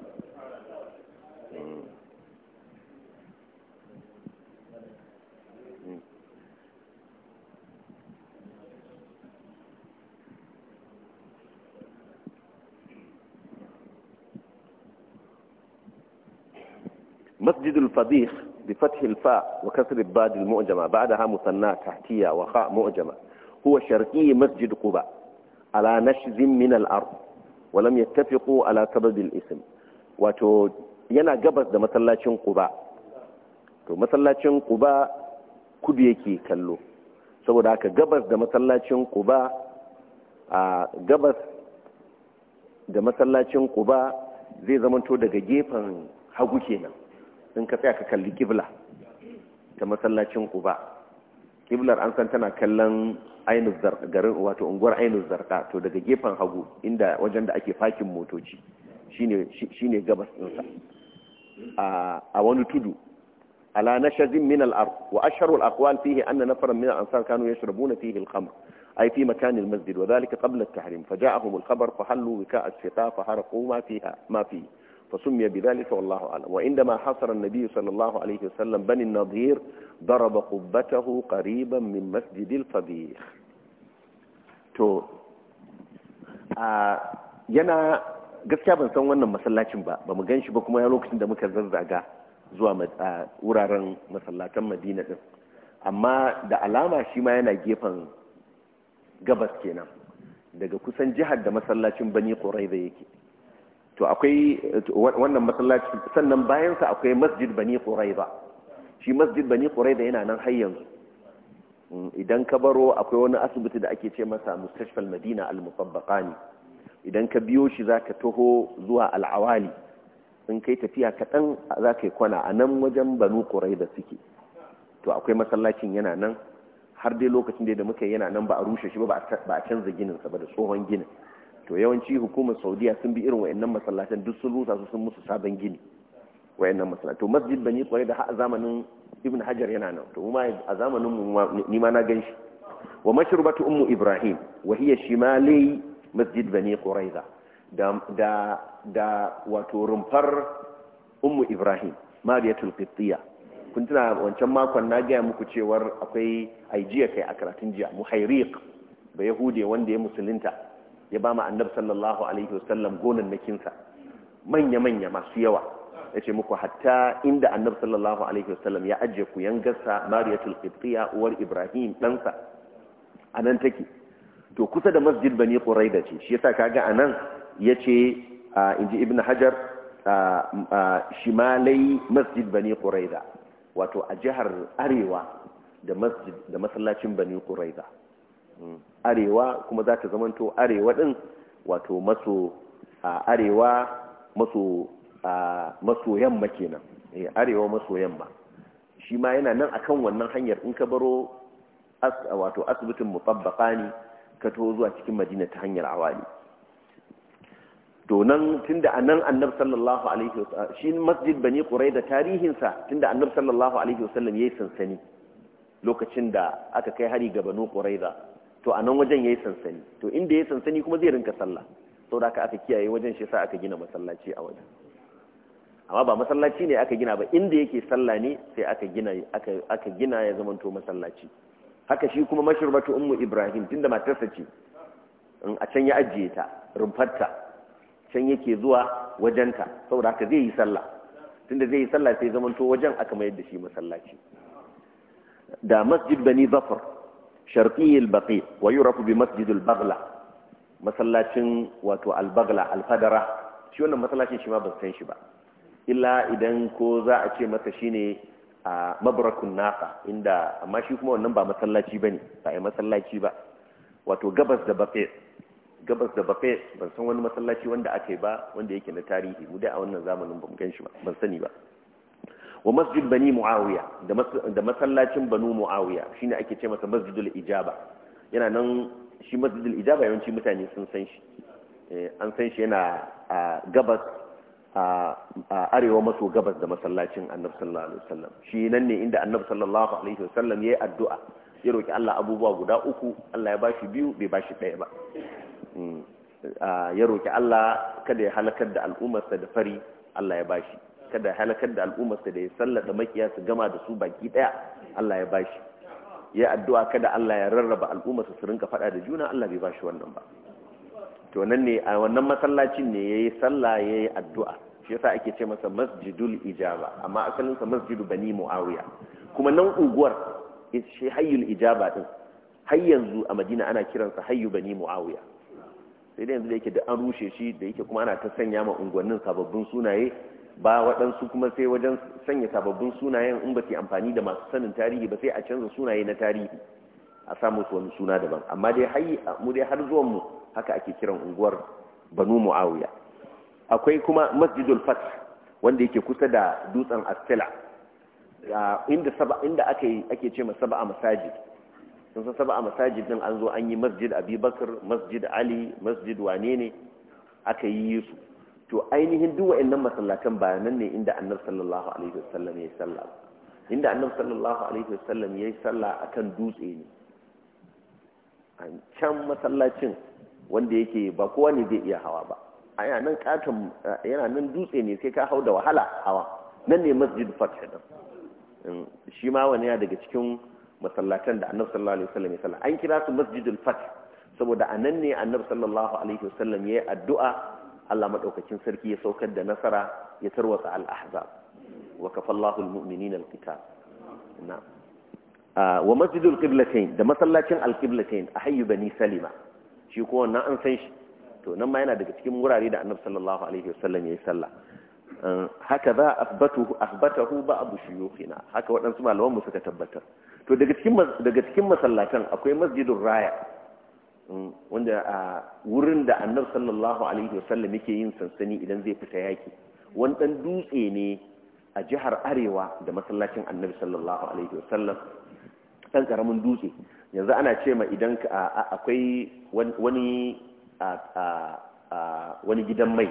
مسجد الفضيخ بفتح الفاء وكسر الباد المعجمة بعدها مثنى تحتية وخاء معجمة هو شرقي مسجد قباء على نشز من الأرض ولم يتفقوا على سبب الاسم wato yana gabas da masallacin Quba to masallacin Quba kudu yake kallo saboda haka gabas da masallacin Quba a gabas da masallacin Quba zai zamanto daga gefen hagu kenan in ka tsaya ka kalli kibla ta masallacin kuba kiblar an san tana kallon ainihin garin wato unguwar ainihin zarka to daga gefen hagu inda wajen da ake fakin motoci shine gabas ɗinsa a wani tudu ala nashazin min al-ard wa asharul aqwal fihi anna nafaran min al-ansar kanu yashrabuna fihi al-khamr أي في مكان المسجد وذلك قبل التحريم فجاءهم الخبر فحلوا وكاء الشتاء فحرقوا ما فيها ما فيه فسمي بذلك والله أعلم وعندما حصر النبي صلى الله عليه وسلم بني النظير ضرب قبته قريبا من مسجد الفضيخ تو yana gaskiya ban san wannan masallacin ba ba mu gan shi ba kuma ya lokacin da muka zazzaga zuwa wuraren masallatan madina din amma da alama shi ma yana gefen gabas kenan daga kusan jihar da masallacin bani ƙorai da yake to akwai wannan masallaci sannan bayansa akwai masjid bani ba shi masjid bani da yana nan har yanzu mm, idan ka baro akwai wani asibiti da ake ce masa mustashfal madina al-musabbaqani idan ka biyo shi zaka taho zuwa al-awali in kai tafiya kaɗan za ka yi kwana a nan wajen banu da suke to akwai masallacin yana nan har dai lokacin da muka yana nan ba a rushe shi ba ba a canza ginin sa ba da tsohon ginin to yawanci hukumar saudiya sun bi irin wayannan masallatan duk sun rusa su sun musu sabon gini wayannan masallatan to masjid bani kware da har zamanin ibn hajar yana nan to kuma a zamanin mu ni ma na ganshi wa mashrubatu ummu ibrahim wa hiya shimali masjid bani quraiza da da da wato rumfar ummu ibrahim mariyatul qittiya kun tuna wancan makon na gaya muku cewar akwai aijiya kai a karatun jiya muhairiq ba yahude wanda ya musulunta ya ba annab sallallahu alaihi wasallam makinsa manya-manya masu yawa ya ce muku hatta inda annabi sallallahu alaihi wasallam ya ajiye ku yangarsa mariyatul qibtiyya uwar ibrahim ɗansa a nan take to kusa da masjid bani da ce shi yasa kaga a nan ya ce in ji ibn hajar shimalai masjid bani quraida wato a jihar arewa da masallacin bani quraida arewa kuma za ta to arewa din wato maso arewa maso maso yamma kenan eh arewa maso yamma shi ma yana nan akan wannan hanyar in ka baro wato asibitin mutabbaqani ka to zuwa cikin madina ta hanyar awali Donan tunda anan annab sallallahu alaihi wasallam shi masjid bani quraida tarihin sa tunda annab sallallahu alaihi wasallam yayi sansani lokacin da aka kai hari ga banu quraida to a nan wajen ya yi sansani to inda ya yi sansani kuma zai rinka sallah sau da aka aka kiyaye wajen shi sa aka gina masallaci a wajen amma ba masallaci ne aka gina ba inda yake sallah ne sai aka gina aka gina ya zama to masallaci haka shi kuma mashurbatu ummu ibrahim tunda matarsa ce a can ya ajiye ta rumfarta can yake zuwa wajenta saboda haka zai yi sallah tunda zai yi sallah sai zama to wajen aka mayar da shi masallaci da masjid bani zafar sharqi baƙi baqi wa yurafu bi masjid albagla masallacin wato al alfadara shi wannan masallacin shi ma ban san shi ba illa idan ko za a ce masa shine a mabrakun nasa inda amma shi kuma wannan ba masallaci bane ba ai masallaci ba wato gabas da baƙi gabas da baqi ban san wani masallaci wanda aka yi ba wanda yake na tarihi mu dai a wannan zamanin mu gan shi ba ban sani ba wa masjid bani muawiya da masallacin banu muawiya shine ake ce masa masjidul ijaba yana nan shi masjidul ijaba yawanci mutane sun san shi eh, an san shi yana a gabas a arewa maso gabas da masallacin annabi sallallahu alaihi wasallam shi nan ne inda annabi sallallahu alaihi wasallam yayi addu'a ya roki Allah abubuwa guda uku Allah ya bashi biyu bai bashi ɗaya ba hmm, ya roki Allah kada ya halakar da al'ummarsa da fari Allah ya bashi kada halakar da al'ummarsa da ya sallata makiya su gama da su baki daya Allah ya bashi ya addu'a kada Allah ya rarraba al'ummarsa su rinka fada da juna Allah bai bashi wannan ba to nan ne a wannan masallacin ne yayi sallah yayi addu'a shi yasa ake ce masa masjidul ijaba amma asalin sa masjidu bani muawiya kuma nan uguwar shi hayyul ijaba din har yanzu a Madina ana kiransa hayyu bani muawiya sai da yanzu da yake da an rushe shi da yake kuma ana ta sanya ma unguwannin sababbin sunaye ba waɗansu kuma sai wajen sanya sababbin sunayen in ba su amfani da masu sanin tarihi ba sai a canza sunaye na tarihi a samu su wani suna daban amma dai mu dai har zuwan mu haka ake kiran unguwar banu muawiya akwai kuma masjidul fat wanda yake kusa da dutsen astela inda ake ce masaba masajid sun san saba masajid din an zo an yi masjid abubakar masjid ali masjid wane ne aka yi su to ainihin duk wa'annan masallatan ba nan ne inda annabi sallallahu alaihi wasallam ya salla inda annabi sallallahu alaihi wasallam ya salla akan dutse ne an can masallacin wanda yake ba kowa ne zai iya hawa ba aya nan katon yana nan dutse ne sai ka hau da wahala hawa nan ne masjid fath din shi ma wani ya daga cikin masallatan da annabi sallallahu alaihi wasallam ya salla an kira su masjidul fath saboda anan ne annabi sallallahu alaihi wasallam ya yi addu'a Allah madaukakin sarki ya saukar da nasara ya tarwatsa al'ahzab wa kafallahu al-mu'minina al-qital na'am ah, wa masjidul qiblatain da masallacin al-qiblatain a hayyu bani salima shi ko wannan an san shi to nan ma yana daga cikin wurare da annab sallallahu alaihi wasallam yi sallah ah, haka za asbata hu athbatuhu athbatahu ba'd na haka wadansu malaman mu suka tabbatar to daga cikin masallacin akwai masjidul raya Mm, wanda a wurin da annabi sallallahu alaihi wasallam yake yin sansani idan zai fita yaki wani dan dutse ne a jihar arewa da masallacin annabi sallallahu alaihi wasallam dan karamin dutse yanzu ana ce ma idan akwai wani wani gidan mai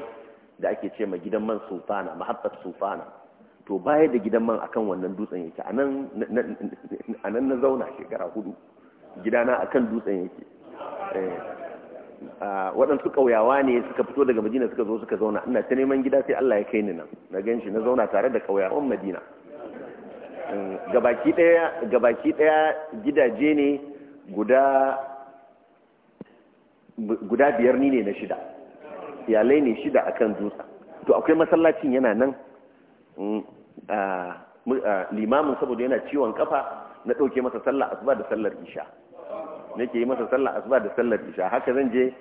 da ake ce ma gidan man sufana mahabbat sufana to baya da gidan man akan wannan dutsen yake anan anan na zauna shekara hudu gidana akan dutsen yake Eh, ah, waɗansu ƙauyawa ne suka fito daga madina suka zo suka zauna ina ta neman gida sai Allah ya kai ni nan na gan shi na zauna tare da ƙauyawan madina eh, gabaki ɗaya ɗaya gidaje ne guda biyar ni ne na shida iyalai ne shida akan dutsa to akwai masallacin yana nan mm, ah, ah, limamin saboda yana ciwon kafa na ɗauke masa sallah asuba da sallar isha nake yi masa sallar asuba da sallar isha haka zan je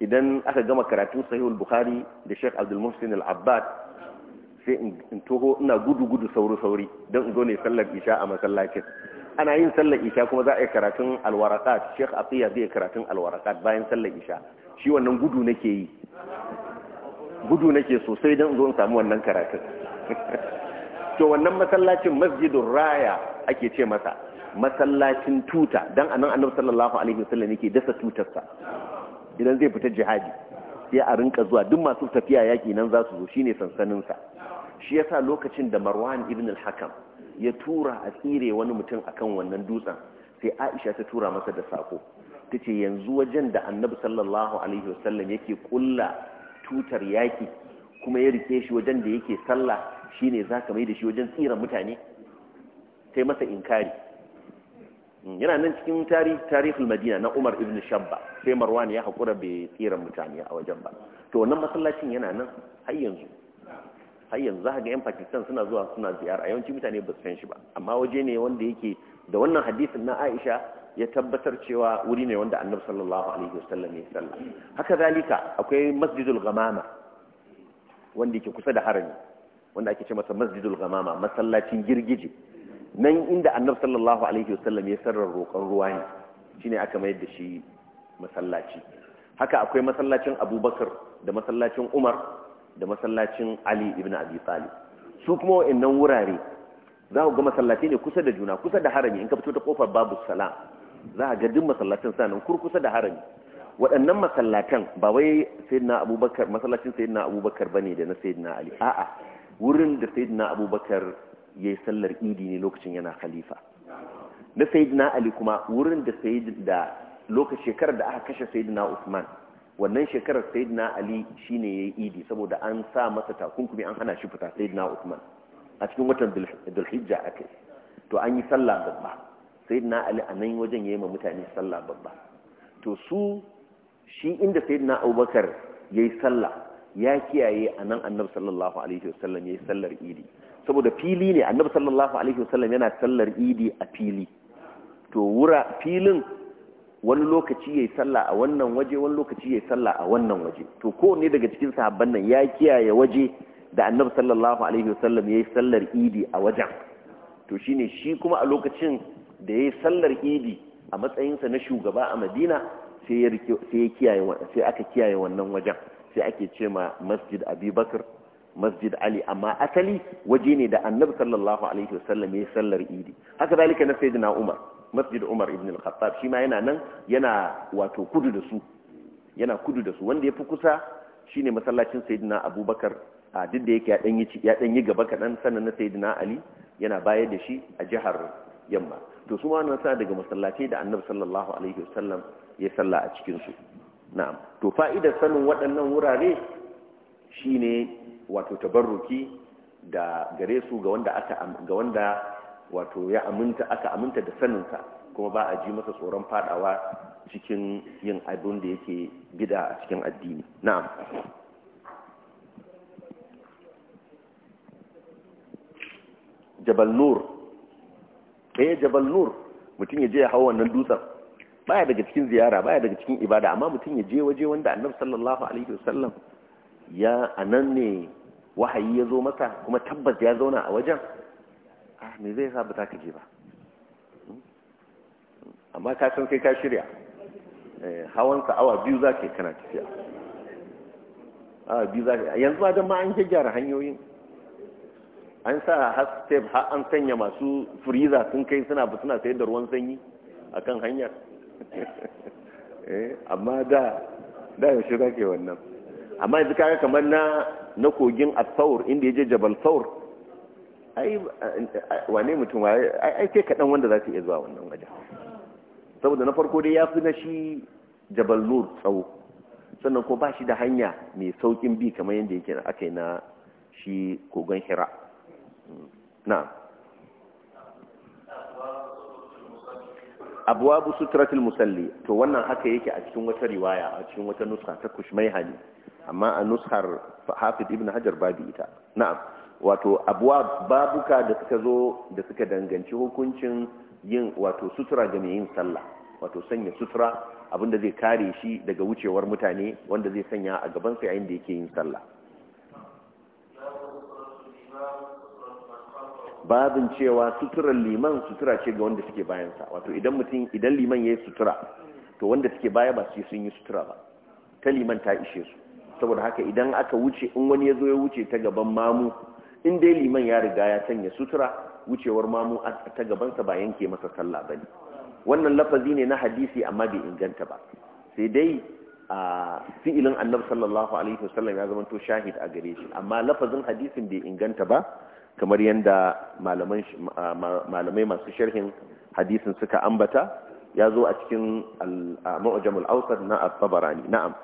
idan aka gama karatun sahihul bukhari da sheikh abdul muhsin al-abbad sai in toho ina gudu gudu sauri sauri don in zo ne sallar isha a masallacin ana yin sallar isha kuma za a yi karatun alwarakat sheikh atiya zai karatun alwarakat bayan sallar isha shi wannan gudu nake yi gudu nake sosai don zo in samu wannan karatun [LAUGHS] to wannan masallacin masjidun raya ake ce masa masallacin tuta dan anan annabi sallallahu alaihi wasallam yake dasa tutarsa idan zai fita jihadi sai a rinka zuwa duk masu tafiya yaki nan za su zo shine sansanin sa shi yasa lokacin da Marwan ibn al-Hakam ya tura a tsire wani mutum akan wannan dutsen sai Aisha ta tura masa da sako ta ce yanzu wajen da annabi sallallahu alaihi wasallam yake kulla tutar yaƙi kuma ya rike shi wajen da yake sallah shine zaka mai da shi wajen tsira mutane sai masa inkari Mm, yana nan cikin tarihi tarihul madina na umar ibn shabba sai marwan ya haƙura bai tsira mutane a wajen ba to wannan masallacin yana nan har yanzu har yanzu za ga 'yan pakistan suna zuwa suna ziyara yawanci mutane ba su san shi ba amma waje ne wanda yake da wannan hadisin na aisha ya tabbatar cewa wuri ne wanda annabi sallallahu alaihi wasallam ya haka zalika akwai masjidul ghamama wanda yake kusa da harami wanda ake ce masa masjidul ghamama masallacin girgije nan inda annabi sallallahu alaihi wasallam ya sarrar roƙon ruwa ne shine aka mayar da shi masallaci haka akwai masallacin abubakar da masallacin umar da masallacin ali ibn abi talib su kuma wa'annan wurare za ku ga masallaci ne kusa da juna kusa da harami in ka fito ta kofar babu salam za ka ga duk masallacin sanan kur kusa da harami waɗannan masallatan ba wai sayyidina abubakar masallacin sayyidina abubakar bane da na sayyidina ali a'a wurin da sayyidina abubakar ya yi sallar idi ne lokacin yana khalifa na sayidina ali kuma wurin da da lokacin shekarar da aka kashe sayidina usman wannan shekarar sayidina ali shine ya yi idi saboda an sa masa takunkumi an hana shi fita sayidina usman a cikin watan dulhijja aka to an yi sallah babba sayidina ali a nan wajen ya yi ma mutane sallah babba to su shi inda sayidina abubakar ya yi sallah ya kiyaye a nan annabi sallallahu alaihi wasallam ya yi sallar idi saboda fili ne annabi sallallahu alaihi wasallam yana sallar idi a fili to wura filin wani lokaci yayi sallah a wannan waje wani lokaci yayi sallah a wannan waje to ko ne daga cikin sahabban nan ya kiyaye waje da annabi sallallahu alaihi wasallam yayi sallar idi a wajen to shine shi kuma a lokacin da yayi sallar idi a matsayinsa na shugaba a Madina sai ya kiyaye sai aka kiyaye wannan wajen sai ake ce ma Masjid Abi bakar. masjid ali amma asali waje ne da annabi sallallahu alaihi wasallam ya sallar idi haka zalika na sayyidina umar masjid umar ibn al-khattab shi ma yana nan yana wato kudu da su yana kudu da su wanda ya fi kusa shine masallacin sayyidina abubakar a duk da yake ya dan yi ya dan yi gaba kadan sannan na sayyidina ali yana bayar da shi a jihar yamma to su ma wannan sa daga masallaci da annabi sallallahu alaihi wasallam ya salla a cikin su na'am to fa'idar sanin waɗannan wurare shine wato tabarruki da gare su ga wanda aka ga wanda wato ya aminta aka aminta da saninsa kuma ba a ji masa tsoron fadawa cikin yin abin da yake gida a cikin addini na'am jabal nur eh jabal nur mutum ya je ya hawo wannan dutsen baya daga cikin ziyara baya daga cikin ibada amma mutum ya je waje wanda annabi sallallahu alaihi wasallam ya a nan ne wahayi ya zo masa kuma tabbas ya zauna a wajen ah me zai sa ta kaje ka je ba amma ka san kai ka shirya eh, hawan ka awa biyu za ka yi kana tafiya awa biyu yanzu wajen ma an gyara hanyoyin an sa a har an sanya masu freezer sun kai suna suna sayar da ruwan sanyi kan hanyar [LAUGHS] eh, amma da da yaushe za ke wannan amma yanzu kaga kamar na na kogin al-thawr inda yaje jabal saur ai wane mutum ai ai kai kaɗan wanda zaka iya zuwa wannan wajen saboda na farko dai ya fi na shi jabal nur tsawo sannan ko ba shi da hanya mai saukin bi kamar yadda yake aka yi na shi kogon hira na abuwa bu suturatul musalli to wannan haka yake a cikin wata riwaya a cikin wata nuska ta kushmai hali amma a nushar hafiz ibn hajar babu ita na'am wato abuwa babuka da suka zo da suka danganci hukuncin yin wato sutura ga mai yin sallah wato sanya sutura abinda zai kare shi daga wucewar mutane wanda zai sanya a gabansa yayin da yake yin sallah babin cewa suturar liman sutura ce ga wanda suke bayansa wato idan mutum idan liman ya sutura to wanda suke baya ba su sun yi sutura ba ta liman ta ishe su saboda haka idan aka wuce in wani ya zo ya wuce ta gaban mamu in dai liman ya riga ya sanya sutura wucewar mamu ta gabansa ba yanke masa sallah ba ne wannan lafazi ne na hadisi amma bai inganta ba sai dai a fi'ilin annabi sallallahu alaihi wasallam ya zama to shahid a gare shi amma lafazin hadisin bai inganta ba kamar yadda malamai masu sharhin hadisin suka ambata ya zo a cikin al-mu'jamul awsat na at-tabarani na'am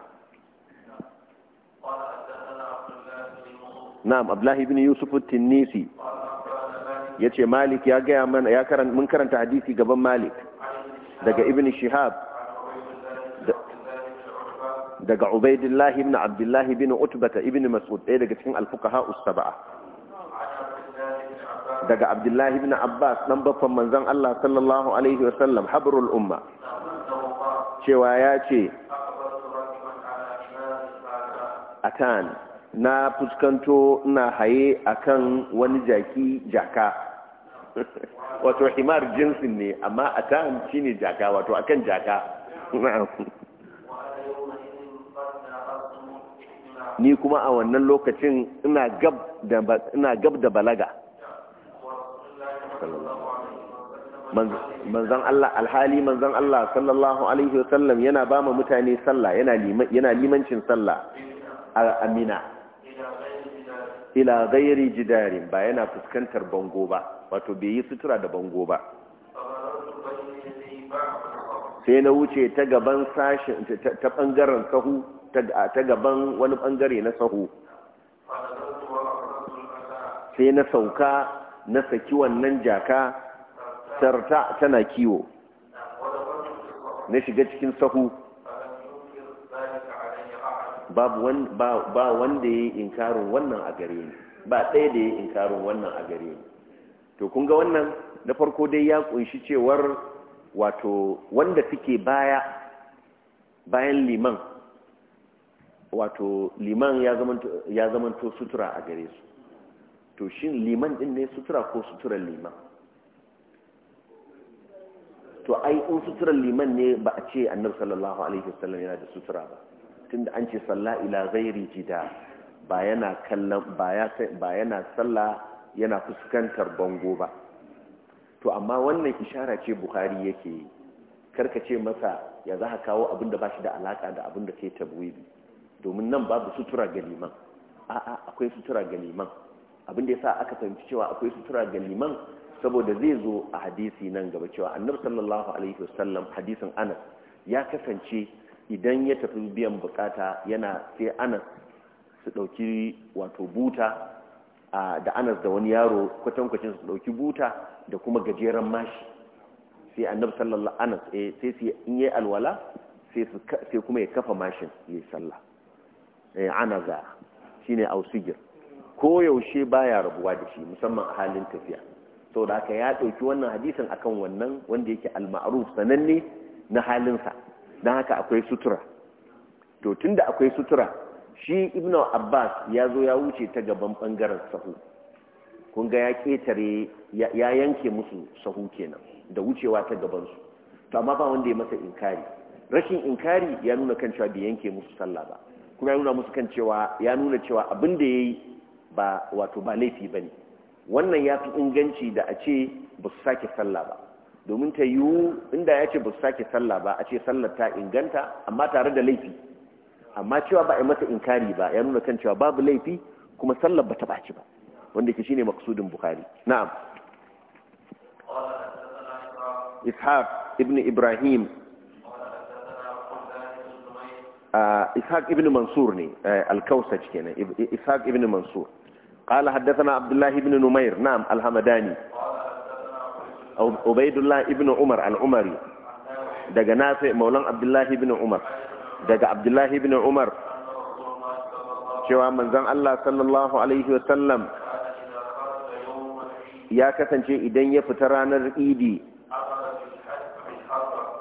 na'am abdullahi ibn yusuf at ya ce malik ya gaya mana ya karanta mun karanta hadisi gaban malik daga ibn shihab daga ubaidillah ibn Abdullahi ibn utbata ibn mas'ud ɗaya daga cikin al-fuqaha us daga abdullah ibn abbas dan baffan manzon Allah sallallahu alaihi wa sallam habrul umma cewa ya ce atan na fuskanto ina haye akan wani jaki jaka [LAUGHS] wato himar jinsin ne amma a shi ne jaka wato akan jaka [LAUGHS] ni kuma a wannan lokacin ina gab da balaga manzan Allah alhali manzan Allah sallallahu alaihi wasallam yana ba mutane sallah yana limancin sallah a amina ila ghairi jidarin ba yana fuskantar bango ba wato bai yi sutura da bango ba sai na wuce ta gaban sashen ta bangaren sahu ta gaban wani bangare na sahu sai na sauka na saki wannan jaka sarta tana kiwo na shiga cikin sahu ba wanda ya in inkarin wannan a gare ni ba ɗaya da ya in inkarin wannan a gare ni to kun ga wannan na farko dai ya kunshi cewar wato wanda suke baya bayan liman wato liman ya zamanto sutura a gare su to shi liman din ne sutura ko suturar liman to ai in suturar liman ne ba a ce annabi sallallahu alaihi wasallam yana da sutura ba tun da an ce salla ila zairi jida ba yana yana salla yana fuskantar bango ba to amma wannan ishara ce buhari yake yi karka ce masa ya za ka kawo abin da ba shi da alaka da abin da kai tabwidi domin nan babu sutura ga liman a'a akwai sutura ga liman abin da sa aka fahimci cewa akwai sutura ga liman saboda zai zo a hadisi nan gaba cewa annabi sallallahu alaihi wasallam hadisin anas ya kasance idan ya tafi biyan bukata yana sai anas su ɗauki wato buta da anas da wani yaro kwatankwacin su ɗauki buta da kuma gajeren mashi sai annabi sallallahu anas eh, sai su in yi alwala sai kuma ya kafa mashin ya sallah eh, anaza shine ausigir ko yaushe baya rabuwa da shi musamman a halin tafiya sau da aka ya ɗauki wannan hadisin akan wannan wanda yake al-ma'ruf sananne na halinsa don haka akwai sutura to tun da akwai sutura shi ibn abbas ya zo ya wuce ta gaban bangaren sahu kun ga ya ƙetare ya yanke musu sahu kenan da wucewa ta gabansu to amma ba wanda ya masa inkari rashin inkari ya nuna kan cewa bai yanke musu sallah ba kuma ya nuna musu kan cewa ya nuna cewa abin da ya yi ba wato ba laifi ba ne wannan ya fi inganci da a ce ba su sake sallah ba domin ta yiwu inda ya ce ba su sake sallah ba a ce sallar ta inganta amma tare da laifi amma cewa ba a yi masa inkari ba ya nuna kan cewa babu laifi kuma sallar ba ta ɓaci ba wanda ke shine maksudin bukari. na'am ishaq ibn ibrahim ah, ishaq ibn mansur ne eh, Alkausa kenan ishaq ibn mansur قال حدثنا عبد الله بن نمير نعم الحمداني ubaidullah ibn umar al'umari, umari daga nafi maulan abdullahi ibn umar daga abdullahi ibn umar cewa manzan Allah sallallahu alaihi wasallam ya kasance idan ya fita ranar idi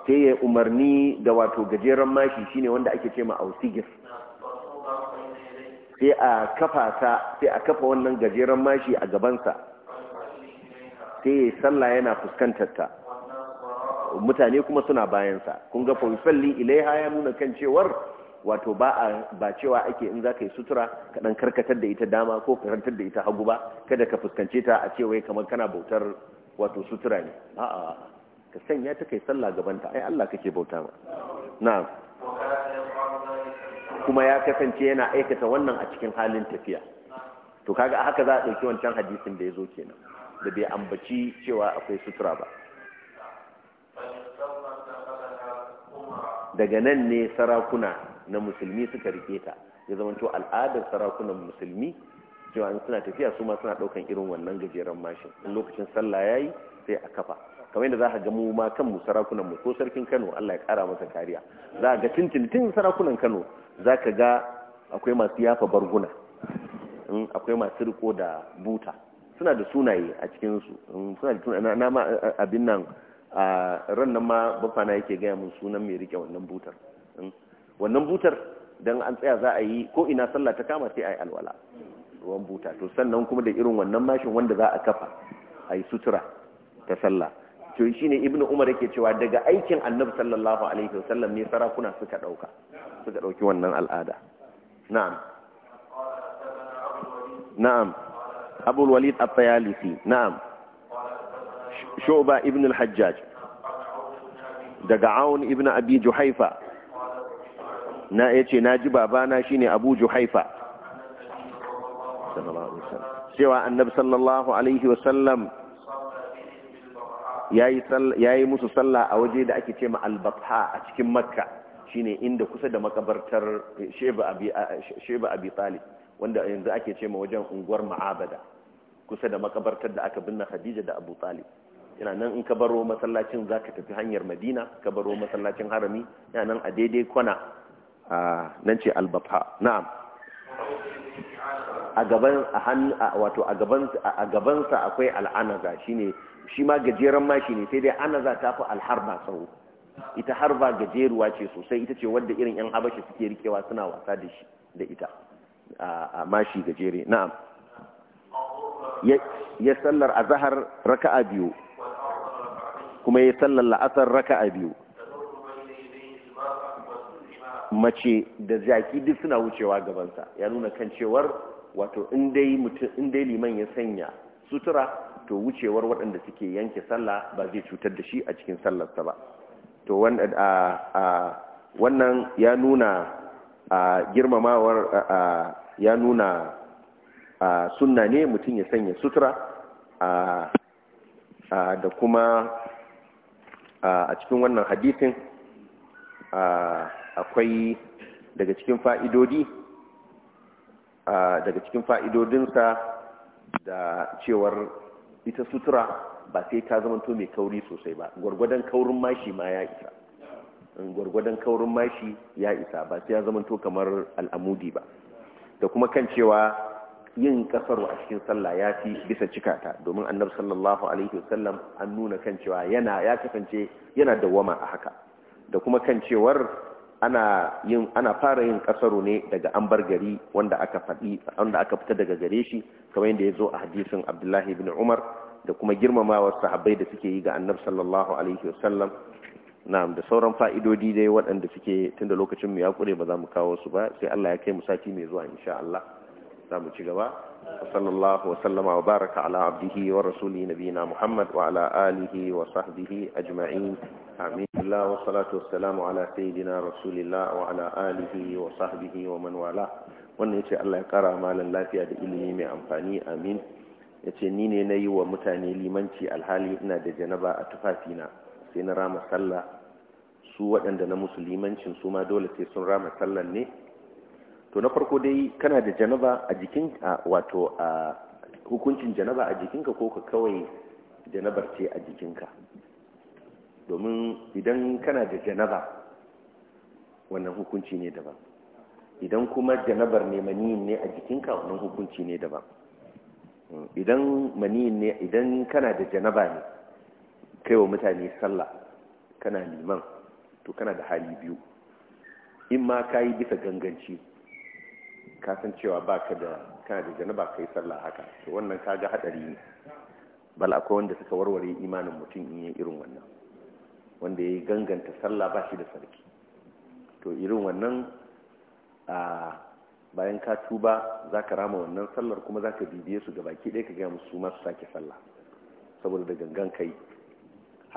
sai ya umarni da wato gajeren mashi shine wanda ake ce ma a kafa sai a kafa wannan gajeren mashi a gabansa sai ya sallah yana fuskantar ta mutane kuma suna bayansa kun ga fawifalli ilaiha ya nuna kan cewar wato ba cewa ake in za ka yi sutura ka ɗan karkatar da ita dama ko karantar da ita hagu ba kada ka fuskance ta a cewa kamar kana bautar wato sutura ne a'a ka sanya ta kai sallah gabanta ai Allah kake bauta ma na'am kuma ya kasance yana aikata wannan a cikin halin tafiya to kaga haka za a ɗauki wancan hadisin da ya zo kenan da bai ambaci cewa akwai sutura ba daga nan ne sarakuna na musulmi suka rike ta ya zamanto al'adar sarakunan musulmi cewa in suna tafiya su ma suna daukan irin wannan gajeren mashin in lokacin sallah yayi sai a kafa kamar yadda za ka ga ma ma kanmu sarakunan mu ko sarkin Kano Allah ya kara masa kariya za ka ga tintin sarakunan Kano za ka ga akwai masu yafa barguna hmm, akwai masu riko da buta suna da sunaye a cikinsu um, suna da sunaye na ma abin nan a ran nan ma na yake gaya mun sunan mai rike wannan butar um, wannan butar don an tsaya za a yi ko ina sallah ta kama sai a yi alwala ruwan buta to sannan kuma da irin wannan mashin wanda za a kafa a yi sutura ta sallah to shi ne Ibnu umar yake cewa daga aikin annabi sallallahu alaihi wasallam ne sarakuna suka ɗauka suka ɗauki wannan al'ada na'am na'am أبو الوليد الطيالسي نعم شعبة ابن الحجاج دقعون ابن أبي جحيفة نائتي ناجب أبانا شيني أبو جحيفة صلى الله عليه وسلم سوى النبي صلى الله عليه وسلم ya yi musu sallah a waje da ake ce ma albatha a cikin makka shine inda kusa da makabartar sheba abi talib wanda yanzu ake ce ma wajen unguwar ma'abada kusa da makabartar da aka binne Khadija da Abu Talib yana nan in ka baro masallacin zaka tafi hanyar Madina ka baro masallacin Harami yana nan a daidai kwana a nan ce al na'am a gaban a hannu wato a gaban sa akwai al'anaza shine shi ma gajeren mashi ne sai dai anaza ta fi alharba tsawo ita harba gajeruwa ce sosai ita ce wadda irin yan habashi suke rikewa suna wasa da shi da ita a mashi gajere na'am ya sallar a zahar raka'a biyu kuma ya sallar la'asar raka'a biyu mace da zaki duk suna wucewa gabansa ya nuna kan cewar wato inda liman ya sanya sutura to wucewar waɗanda suke yanke sallah ba zai cutar da shi a cikin sallarsa ba to wannan ya nuna girmamawar ya nuna sunna ne mutum ya sanya sutura da kuma a cikin wannan hadisin akwai daga cikin fa'idodi daga cikin fa'idodinsa da cewar ita sutura ba sai ta zama to mai kauri sosai ba gwargwadon kaurin mashi ma ya isa gwargwadon kaurin mashi ya isa ba sai ya zamanto kamar al'amudi ba da kuma kan cewa yin kasaro a cikin sallah ya fi bisa cikata domin annabi sallallahu alaihi wasallam an nuna kan cewa yana ya kasance yana dawwama a haka da kuma kan cewar ana fara yin kasaru ne daga an bar gari wanda aka aka fita daga gare shi kamar yadda ya zo a hadisin Abdullahi bin Umar da kuma girmamawar sahabbai da suke yi ga annabi sallallahu alaihi wasallam na'am da sauran fa'idodi dai waɗanda suke tunda lokacin mu ya kure ba za mu kawo su ba sai Allah ya kai mu sati mai zuwa insha Allah za mu ci gaba sallallahu wa sallama wa baraka ala abdihi wa rasuli nabiyina Muhammad wa ala alihi wa sahbihi ajma'in amin Allah wa salatu wassalamu ala sayyidina rasulillah wa ala alihi wa sahbihi wa man wala wannan yace Allah ya kara malan lafiya da ilimi mai amfani amin yace ni ne nayi wa mutane limanci alhali ina da janaba a tufafina sai na rama sallah su waɗanda na musulmancin su ma dole sai sun rama sallan ne to na farko dai kana da janaba a jikin wato a hukuncin janaba a jikinka ko ka kawai janabar ce a jikinka domin idan kana da janaba wannan hukunci ne daban idan kuma janabar ne maniyin ne a jikinka wannan hukunci ne daban idan maniyin ne idan kana da janaba ne kaiwa mutane sallah kana liman to kana da hali biyu in ma ka yi bisa ganganci kasancewa ba ka da kana da janaba ka yi sallah haka to wannan ka ga haɗari ne bal akwai wanda suka warware imanin mutum in yi irin wannan wanda ya yi ganganta sallah ba shi da sarki to irin wannan a bayan ka tuba za ka rama wannan sallar kuma za ka bibiye su gabaki ɗaya ka gaya musu masu sake sallah saboda da gangan kai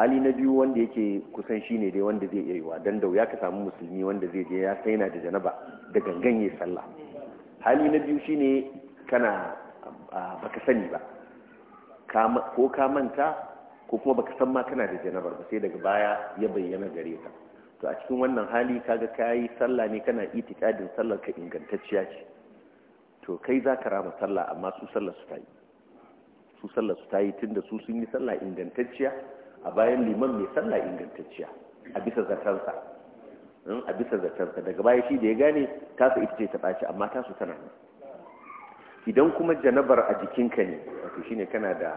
hali na biyu wanda yake kusan shine dai wanda zai iya yiwa dan da wuya ka samu musulmi wanda zai je ya sai yana da janaba da gangan ya sallah hali na biyu shine kana baka sani ba ko ka manta ko kuma baka san ma kana da janabar ba sai daga baya ya bayyana gare ka to a cikin wannan hali kaga kayi sallah ne kana itikadin sallar ka ingantacciya ce to kai za ka rama sallah amma su sallar su tayi su sallar su tayi tunda su sun yi sallah ingantacciya a bayan liman mai sallah ingantacciya a bisa zatansa hmm, a bisa zatansa daga baya shi da ya gane tasu ita ce ta ɓaci amma tasu tana nan idan kuma janabar a jikinka ne wato shine kana da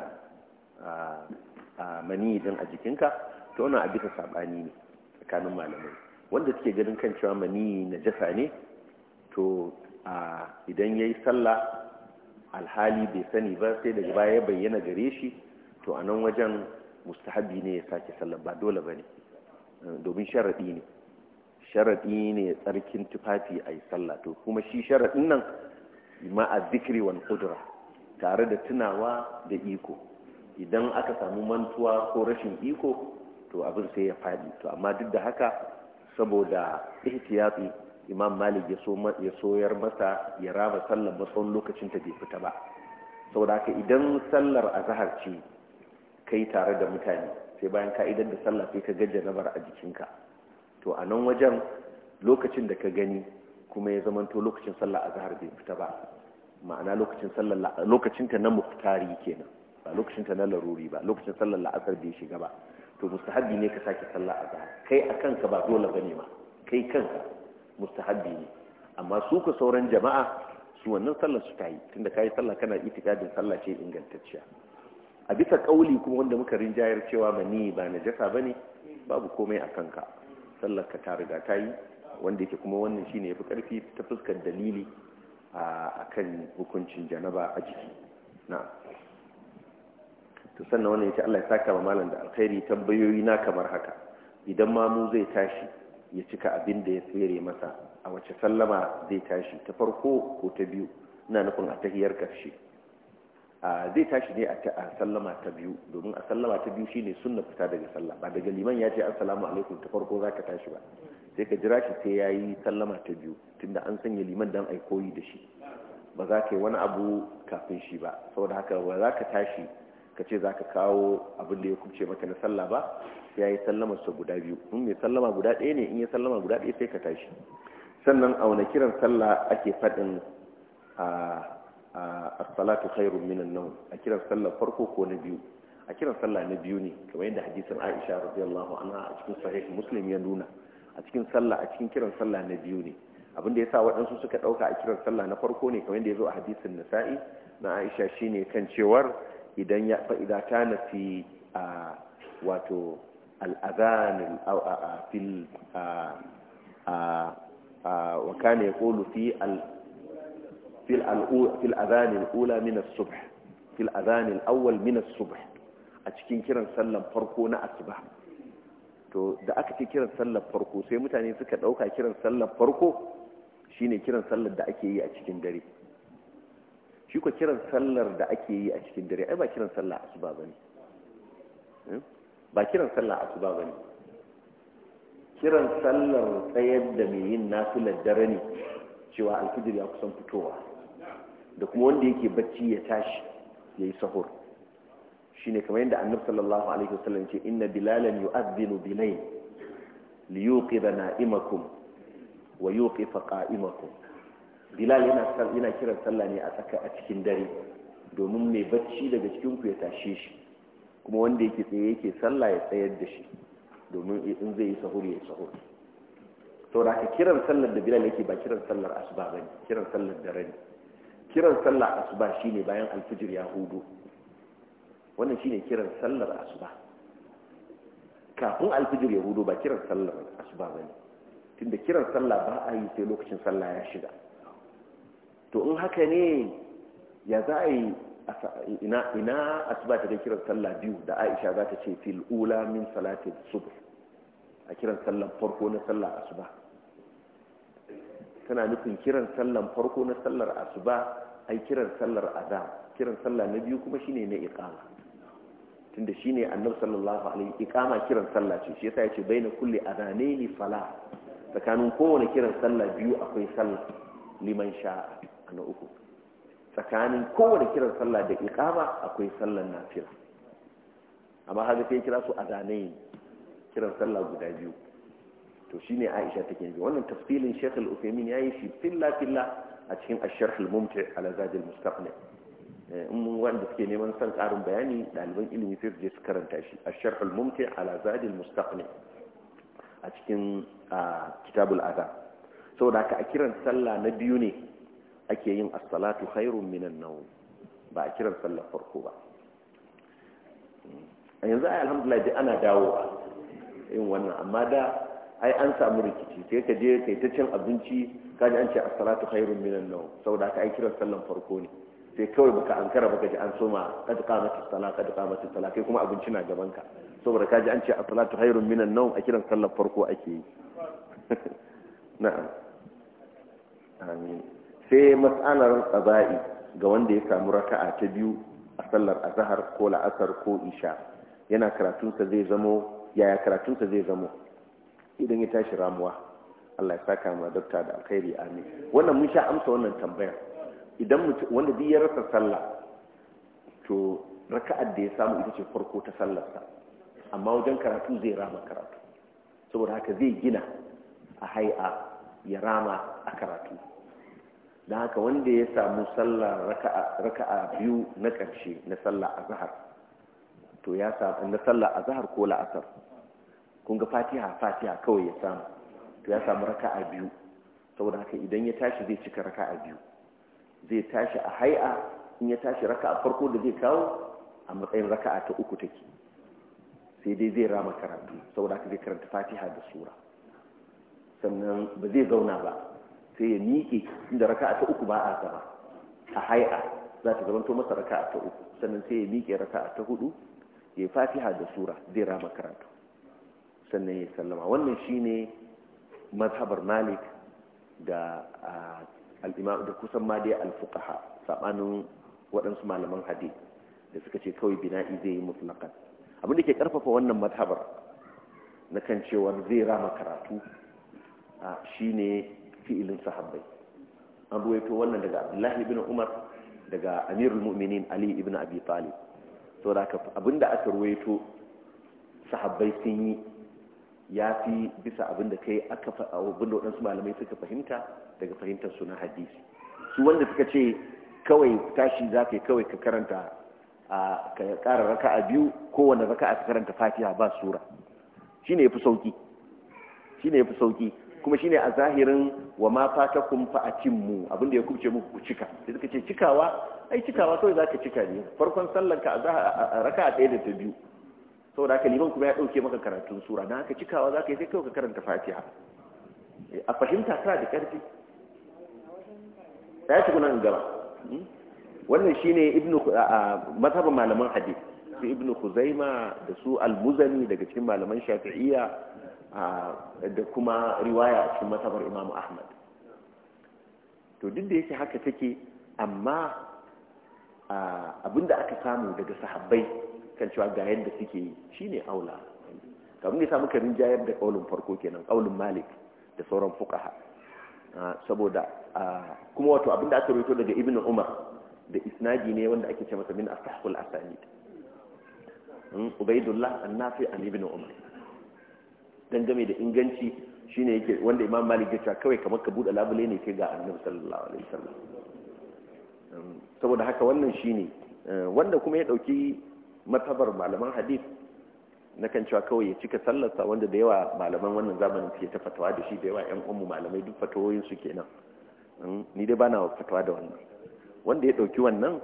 mani din a jikinka to wannan a bisa saɓani ne tsakanin malamai wanda suke ganin kan cewa mani na jasa ne to idan ya yi sallah alhali bai sani ba sai daga baya bayyana gare shi to a nan wajen mustahabi ne ya sake sallar ba dole ba ne domin sharaɗi ne sharaɗi ne tsarkin tufafi a yi sallah to kuma shi sharaɗin nan a zikiri wani kudura tare da tunawa da iko idan aka samu mantuwa ko rashin iko to abin sai ya faɗi to amma duk da haka saboda ihtiyati imam malik ya soyar masa ya raba sallar ba tsawon lokacin ta bai fita ba saboda haka idan sallar azhar ce Kai tare da mutane sai bayan ka da sallah sai ka na janabar a jikinka to a nan wajen lokacin da ka gani kuma ya zamanto lokacin sallah a zahar bai fita ba ma'ana lokacin sallah lokacin ta na muftari kenan ba lokacin ta na laruri ba lokacin sallah la'asar bai shiga ba to mustahabbi ne ka sake sallah a zahar kai a kanka ba dole bane ma kai kanka mustahabbi ne amma su ku sauran jama'a su wannan sallar su ta yi tunda ka yi sallah kana itikadin sallah ce ingantacciya a bisa kauli kuma wanda muka rinjayar cewa ba ni ba na jasa ba ne babu komai a kanka sallar ka ta riga ta yi wanda yake kuma wannan shine yafi karfi ta fuskar dalili a kan hukuncin janaba a jiki na to sannan wannan ce Allah ya saka wa malam da alkhairi tambayoyi na kamar haka idan ma mu zai tashi ya cika abin da ya tsere masa a wace sallama zai tashi ta farko ko ta biyu ina nufin a tahiyar karshe zai tashi ne a sallama ta biyu domin a sallama ta biyu shine sunna fita daga sallah ba daga liman ya ce assalamu alaikum ta farko zaka tashi ba sai ka jira shi sai yayi sallama ta biyu tunda an sanya liman dan ai koyi da shi ba za ka yi wani abu kafin shi ba saboda haka ba za ka tashi ka ce za ka kawo abin da ya kubce maka na sallah ba sai yi sallama sau guda biyu in mai sallama guda ɗaya ne in ya sallama guda ɗaya sai ka tashi sannan a wani kiran sallah ake faɗin a as-salatu khairun minan nawm a kiran sallar farko ko na biyu a kiran sallah na biyu ne kamar yadda hadisin Aisha radiyallahu anha a cikin sahih Muslim ya nuna a cikin sallah a cikin kiran sallah na biyu ne abinda sa waɗansu suka ɗauka a kiran sallah na farko ne kamar yadda ya zo a hadisin Nasa'i na Aisha shine kan cewar idan ya fa idan kana fi wato al-adhan fil wa kana yaqulu fi al في في الأذان الأولى من الصبح في الأذان الأول من الصبح أتكين كيران سلم فرقونا أصبح to da aka ce kiran sallar farko sai mutane suka ɗauka kiran sallar farko shine kiran sallar da ake yi a cikin dare shi ko kiran sallar da ake yi a cikin dare ai ba kiran sallar asuba bane ba kiran sallar asuba bane kiran sallar tsayar da mai yin nafilar dare ne cewa alfijir ya kusan fitowa da kuma wanda yake bacci ya tashi ya yi sahur shi ne kamar yadda annabta sallallahu alaihi wasallam ce inna bilalan yu'adhdhinu bilayl liyuqidha na'imakum wa yuqifa qa'imakum bilal yana yana kiran sallah ne a tsaka a cikin dare domin mai bacci daga cikin ku ya tashe shi kuma wanda yake tsaye yake sallah ya tsayar da shi domin in zai yi sahur ya yi sahur sau da kiran sallar da bilal yake ba kiran sallar asuba bane kiran sallar dare ne kiran sallar asuba shine bayan alfijir ya hudu wannan shine kiran sallar asuba kafin alfijir ya hudu ba kiran sallar asuba bane tunda kiran sallah ba a yi sai lokacin sallah ya shiga to in haka ne ya za a yi ina asuba ta da kiran sallah biyu da Aisha za ta ce fil ula min salatin subh a kiran sallar farko na sallar asuba tana nufin kiran sallar farko na sallar asuba ai kiran sallar aza kiran sallah na biyu kuma shine na iqama tunda shine annabi sallallahu alaihi iqama kiran sallah ce shi yasa yace baina kulli adanaini fala tsakanin kowane kiran sallah biyu akwai sallah liman sha'a na uku tsakanin kowane kiran sallah da iqama akwai sallar nafila amma haka sai kira su adanaini kiran sallah guda biyu to shine Aisha take yi wannan tafsilin Sheikh Al-Uthaymeen yayi shi filla filla a cikin asharh al-mumti ala zadi al-mustaqni eh, in wanda suke neman son karin bayani ɗaliban ilimi sai su je su karanta shi asharh al-mumti ala zadi al a cikin kitabul adab saboda haka a kiran sallah na biyu ne ake yin as-salatu khairun minan nawm ba a kiran sallar farko ba a yanzu ai alhamdulillah dai ana dawowa yin wannan amma da ai an samu rikici sai ka je kai ta cin abinci ka ji an ce as-salatu khairun minan nawm saboda ka ai kiran sallan farko ne sai kawai baka ankara baka ji an soma kad qamat as-salat kad qamat as-salat kai kuma abinci na gaban ka saboda ka ji an ce as-salatu khairun minan nawm a kiran sallan farko ake yi [LAUGHS] na'am amin sai mas'alar qaza'i ga wanda ya samu raka'a ta biyu a sallar azhar ko la'asar ko isha yana karatunsa zai zamo yaya karatunsa zai zamo idan ya tashi ramuwa Allah ya saka ma dokta da alkhairi amin wannan mun sha amsa wannan tambayar idan mutum wanda duk ya rasa sallah to raka'ar da ya samu ita ce farko ta sallarsa amma wajen karatu zai rama karatu saboda haka zai gina a hai'a ya rama a karatu dan haka wanda ya samu sallar raka'a biyu na ƙarshe na sallar azhar to ya sa na sallar azhar ko la'asar kun ga fatiha fatiha kawai ya samu to ya samu raka'a biyu saboda haka idan ya tashi zai cika raka'a biyu zai tashi a hai'a in ya tashi raka'a farko da zai kawo a matsayin raka'a ta uku take sai dai zai rama karatu saboda haka zai karanta fatiha da sura sannan ba zai zauna ba sai ya miƙe inda raka'a ta uku ba a zama a hai'a za ta to masa raka'a ta uku sannan sai ya miƙe raka'a ta hudu ya fatiha da sura zai rama karatu sannan ya sallama wannan shine mazhabar malik da da kusan ma dai alfuqaha sabanin waɗansu malaman hadith da suka ce kawai bina'i zai yi mutlaqan abin da ke karfafa wannan mazhabar na kan cewa zai rama karatu shine fi'ilin sahabbai an ruwaito wannan daga Abdullahi ibn Umar daga Amirul Mu'minin Ali ibn Abi Talib saboda abinda aka ruwaito sahabbai sun yi ya fi bisa abin da kai aka abin da waɗansu malamai suka fahimta daga fahimtar su hadisi su wanda suka ce kawai tashi za ka yi kawai ka karanta a ka ƙara raka a biyu kowane raka a karanta fatiha ba sura shi ne ya fi sauƙi shi ne fi sauƙi kuma shi ne a zahirin wa ma fata kun fa'atin mu da ya kubce muku cika da suka ce cikawa ai cikawa kawai za ka cika ne farkon sallanka a raka a ɗaya da ta biyu saboda haka liman kuma ya dauke maka karatun sura na haka cikawa ka yi sai kai ka karanta fatiha eh, a fahimta tana da karfi ta yi nan gaba hmm? wannan shine Ibn mazhabin malaman hadith su ibnu huzaima da su al-muzani daga cikin malaman shafi'iyya da kuma riwaya a cikin mazhabar imamu ahmad to duk da yake haka take amma abinda aka samu daga sahabbai kan cewa ga yadda suke yi shine aula kamar ne samu karin jayar da kaulin farko kenan kaulin malik da sauran fuqaha ah, saboda ah, kuma wato abinda aka rubuto daga ibnu umar da isnadi ne wanda ake ce masa min astahqul asanid hmm, ubaidullah annafi an ibnu umar dangane da inganci shine yake wanda imam malik ya ce kawai kamar ka buɗe labule ne ke ga annabi sallallahu alaihi wasallam hmm, saboda haka wannan shine eh, wanda kuma ya dauki matabar malaman hadith na kan cewa kawai ya cika sallarsa wanda da yawa malaman wannan zamanin ke ta fatawa da shi da yawa yan umu malamai duk fatawoyinsu nan hmm, ni dai bana fatawa da wannan wanda ya ɗauki wannan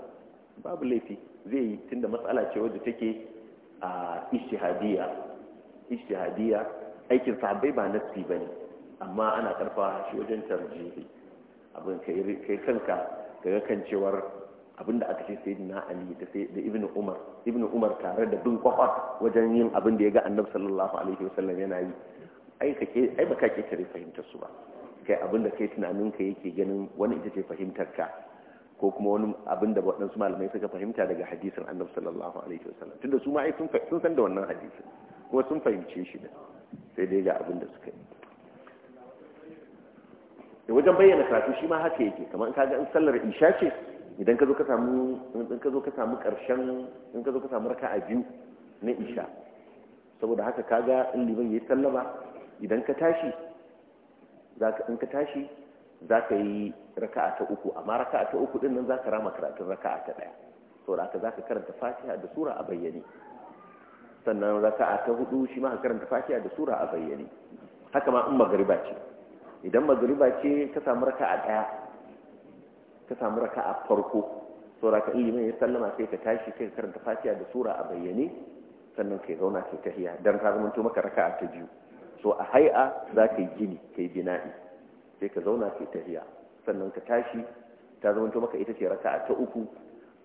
babu laifi zai yi tunda matsala ce wadda take a ishtihadiyya ishtihadiyya aikin sahabbai ba ba ne amma ana karfa shi wajen tarjihi abin kai kanka daga kan cewar abinda aka ce sai na ali da sai da ibnu umar ibnu umar tare da bin kwakwar wajen yin abin da ya ga annabi sallallahu alaihi wasallam yana yi ai kake ai baka ke tare fahimtar su ba kai abin da kai tunanin ka yake ganin wani ita ce fahimtar ka ko kuma wani abin da waɗansu malamai suka fahimta daga hadisin annabi sallallahu alaihi wasallam tunda su ma ai sun san da wannan hadisin kuma sun fahimce shi da sai dai ga abin da suka yi da wajen bayyana karatu shi ma haka yake kamar kaga in sallar isha ce idan ka zo ka samu in ka zo ka samu karshen in ka zo ka samu a biyu na isha saboda haka kaga in liban yayi sallama idan ka tashi zaka in ka tashi zaka yi raka'a ta uku amma raka'a ta uku din nan zaka rama karatun raka'a ta daya saboda haka zaka karanta Fatiha da sura a bayyane sannan raka'a ta hudu shi ma ka karanta Fatiha da sura a bayyane haka ma in magriba ce idan magriba ce ka samu raka'a daya ka samu raka a farko saura ka ilimin ya sallama sai ka tashi kai ka karanta fatiya da sura a bayyane sannan kai zauna kai tahiya don ka zama to maka raka ta biyu so a hai'a za ka yi gini kai bina'i sai ka zauna kai tahiya sannan ka tashi ta zama to maka ita ce raka'a ta uku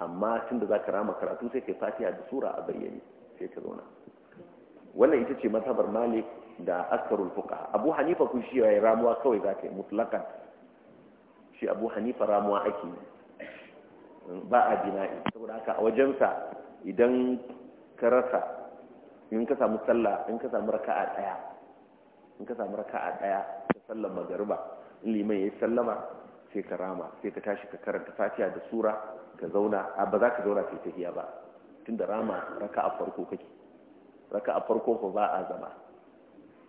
amma tunda za ka rama karatu sai kai fatiya da sura a bayyane sai ka zauna wannan ita ce mazhabar malik da askarul fuqaha abu hanifa kun shi ramuwa kawai za ka yi mutlaqan shi abu hanifa ramuwa ake ba a bina'i saboda haka a wajensa idan ka rasa in ka samu tsalla in ka samu a daya in ka samu a daya ta sallar magariba in liman ya yi sallama sai ka rama sai ka tashi ka karanta fatiya da sura ka zauna a ba za ka zauna ta ba tunda rama a farko kake a farko ko ba a zama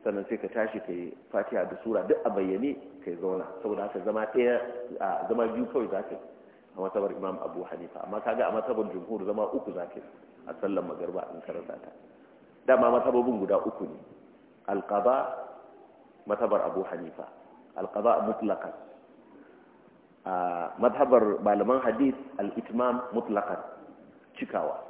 sannan sai ka tashi ka yi fatiha da sura duk a bayyane ka yi zauna saboda haka zama ɗaya a zama biyu kawai za ka a matsabar imam abu hanifa amma kaga a matsabar jumhur zama uku za ka a sallan magarba in karanta ta dama matsabobin guda uku ne alƙaba matsabar abu hanifa alƙaba mutlakan a matsabar malaman hadith al-itmam mutlakan cikawa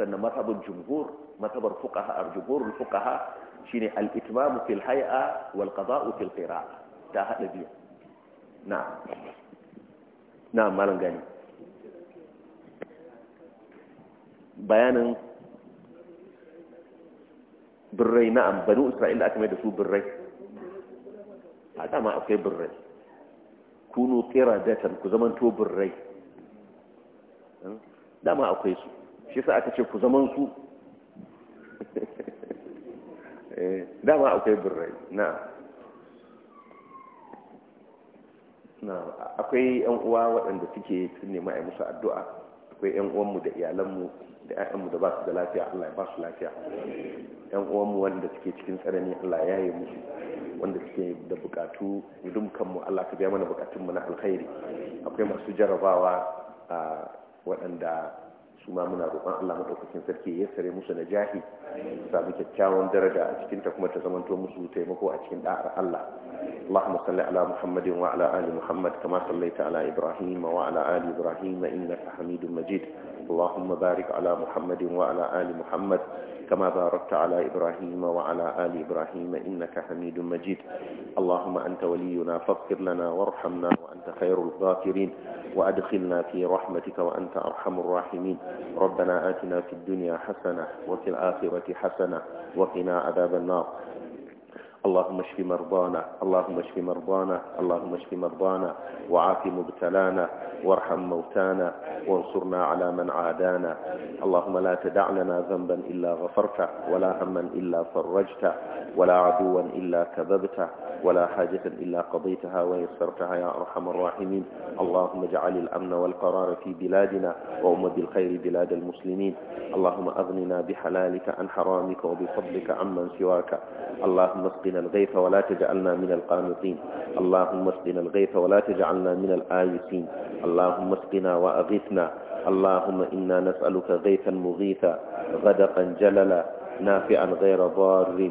sannan matsabar jumhur matsabar fuqaha ar-jumhur fuqaha شيني الإتمام في الهيئة والقضاء في القراءة تاهد لبيع نعم نعم مالا قاني بيانا بري نعم بنو إسرائيل أكمل دسو بري هذا ما اوكي بري كونوا قرادة كزمان تو بري هذا ما اوكي سو شيسا أكتشف كزمان سو Eh, dama akwai birrai na na akwai yan uwa waɗanda suke sun nema a musu addu'a akwai yan uwanmu da iyalanmu da ƴaƴanmu da ba su da lafiya Allah ya ba su lafiya yan uwanmu wanda suke cikin tsanani Allah ya yi musu wanda suke da bukatu kanmu Allah ka biya mana bukatunmu na alkhairi akwai masu jarabawa a ah, waɗanda su ma muna roƙon Allah madaukakin sarki ya sare musu na jahi su kyakkyawan daraja a cikin ta kuma ta zamanto musu taimako a cikin ɗa'ar Allah Allahumma salli ala Muhammadin wa ala ali Muhammad kama sallaita ala Ibrahim wa ala ali Ibrahim innaka Hamidum Majid اللهم بارك على محمد وعلى آل محمد كما باركت على إبراهيم وعلى آل إبراهيم إنك حميد مجيد اللهم أنت ولينا فاغفر لنا وارحمنا وأنت خير الغافرين وأدخلنا في رحمتك وأنت أرحم الراحمين ربنا آتنا في الدنيا حسنة وفي الآخرة حسنة وقنا عذاب النار اللهم اشف مرضانا اللهم اشف مرضانا اللهم اشف مرضانا وعاف مبتلانا وارحم موتانا وانصرنا على من عادانا اللهم لا تدع لنا ذنبا إلا غفرته ولا هما إلا فرجته ولا عدوا إلا كذبته ولا حاجة إلا قضيتها ويسرتها يا أرحم الراحمين اللهم اجعل الأمن والقرار في بلادنا وامد بالخير بلاد المسلمين اللهم أغننا بحلالك عن حرامك وبفضلك عمن سواك اللهم اسقنا اسقنا الغيث ولا تجعلنا من القانطين اللهم اسقنا الغيث ولا تجعلنا من الآيسين اللهم اسقنا وأغثنا اللهم إنا نسألك غيثا مغيثا غدقا جللا نافعا غير ضار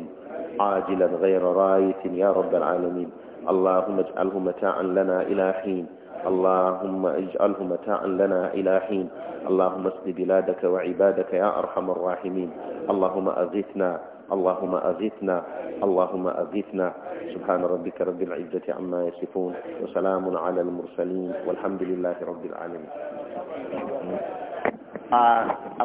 عاجلا غير رايث يا رب العالمين اللهم اجعله متاعا لنا إلى حين اللهم اجعله متاعا لنا إلى حين اللهم اسق بلادك وعبادك يا أرحم الراحمين اللهم أغثنا اللهم أغثنا اللهم أغثنا سبحان ربك رب العزة عما يصفون وسلام على المرسلين والحمد لله رب العالمين uh,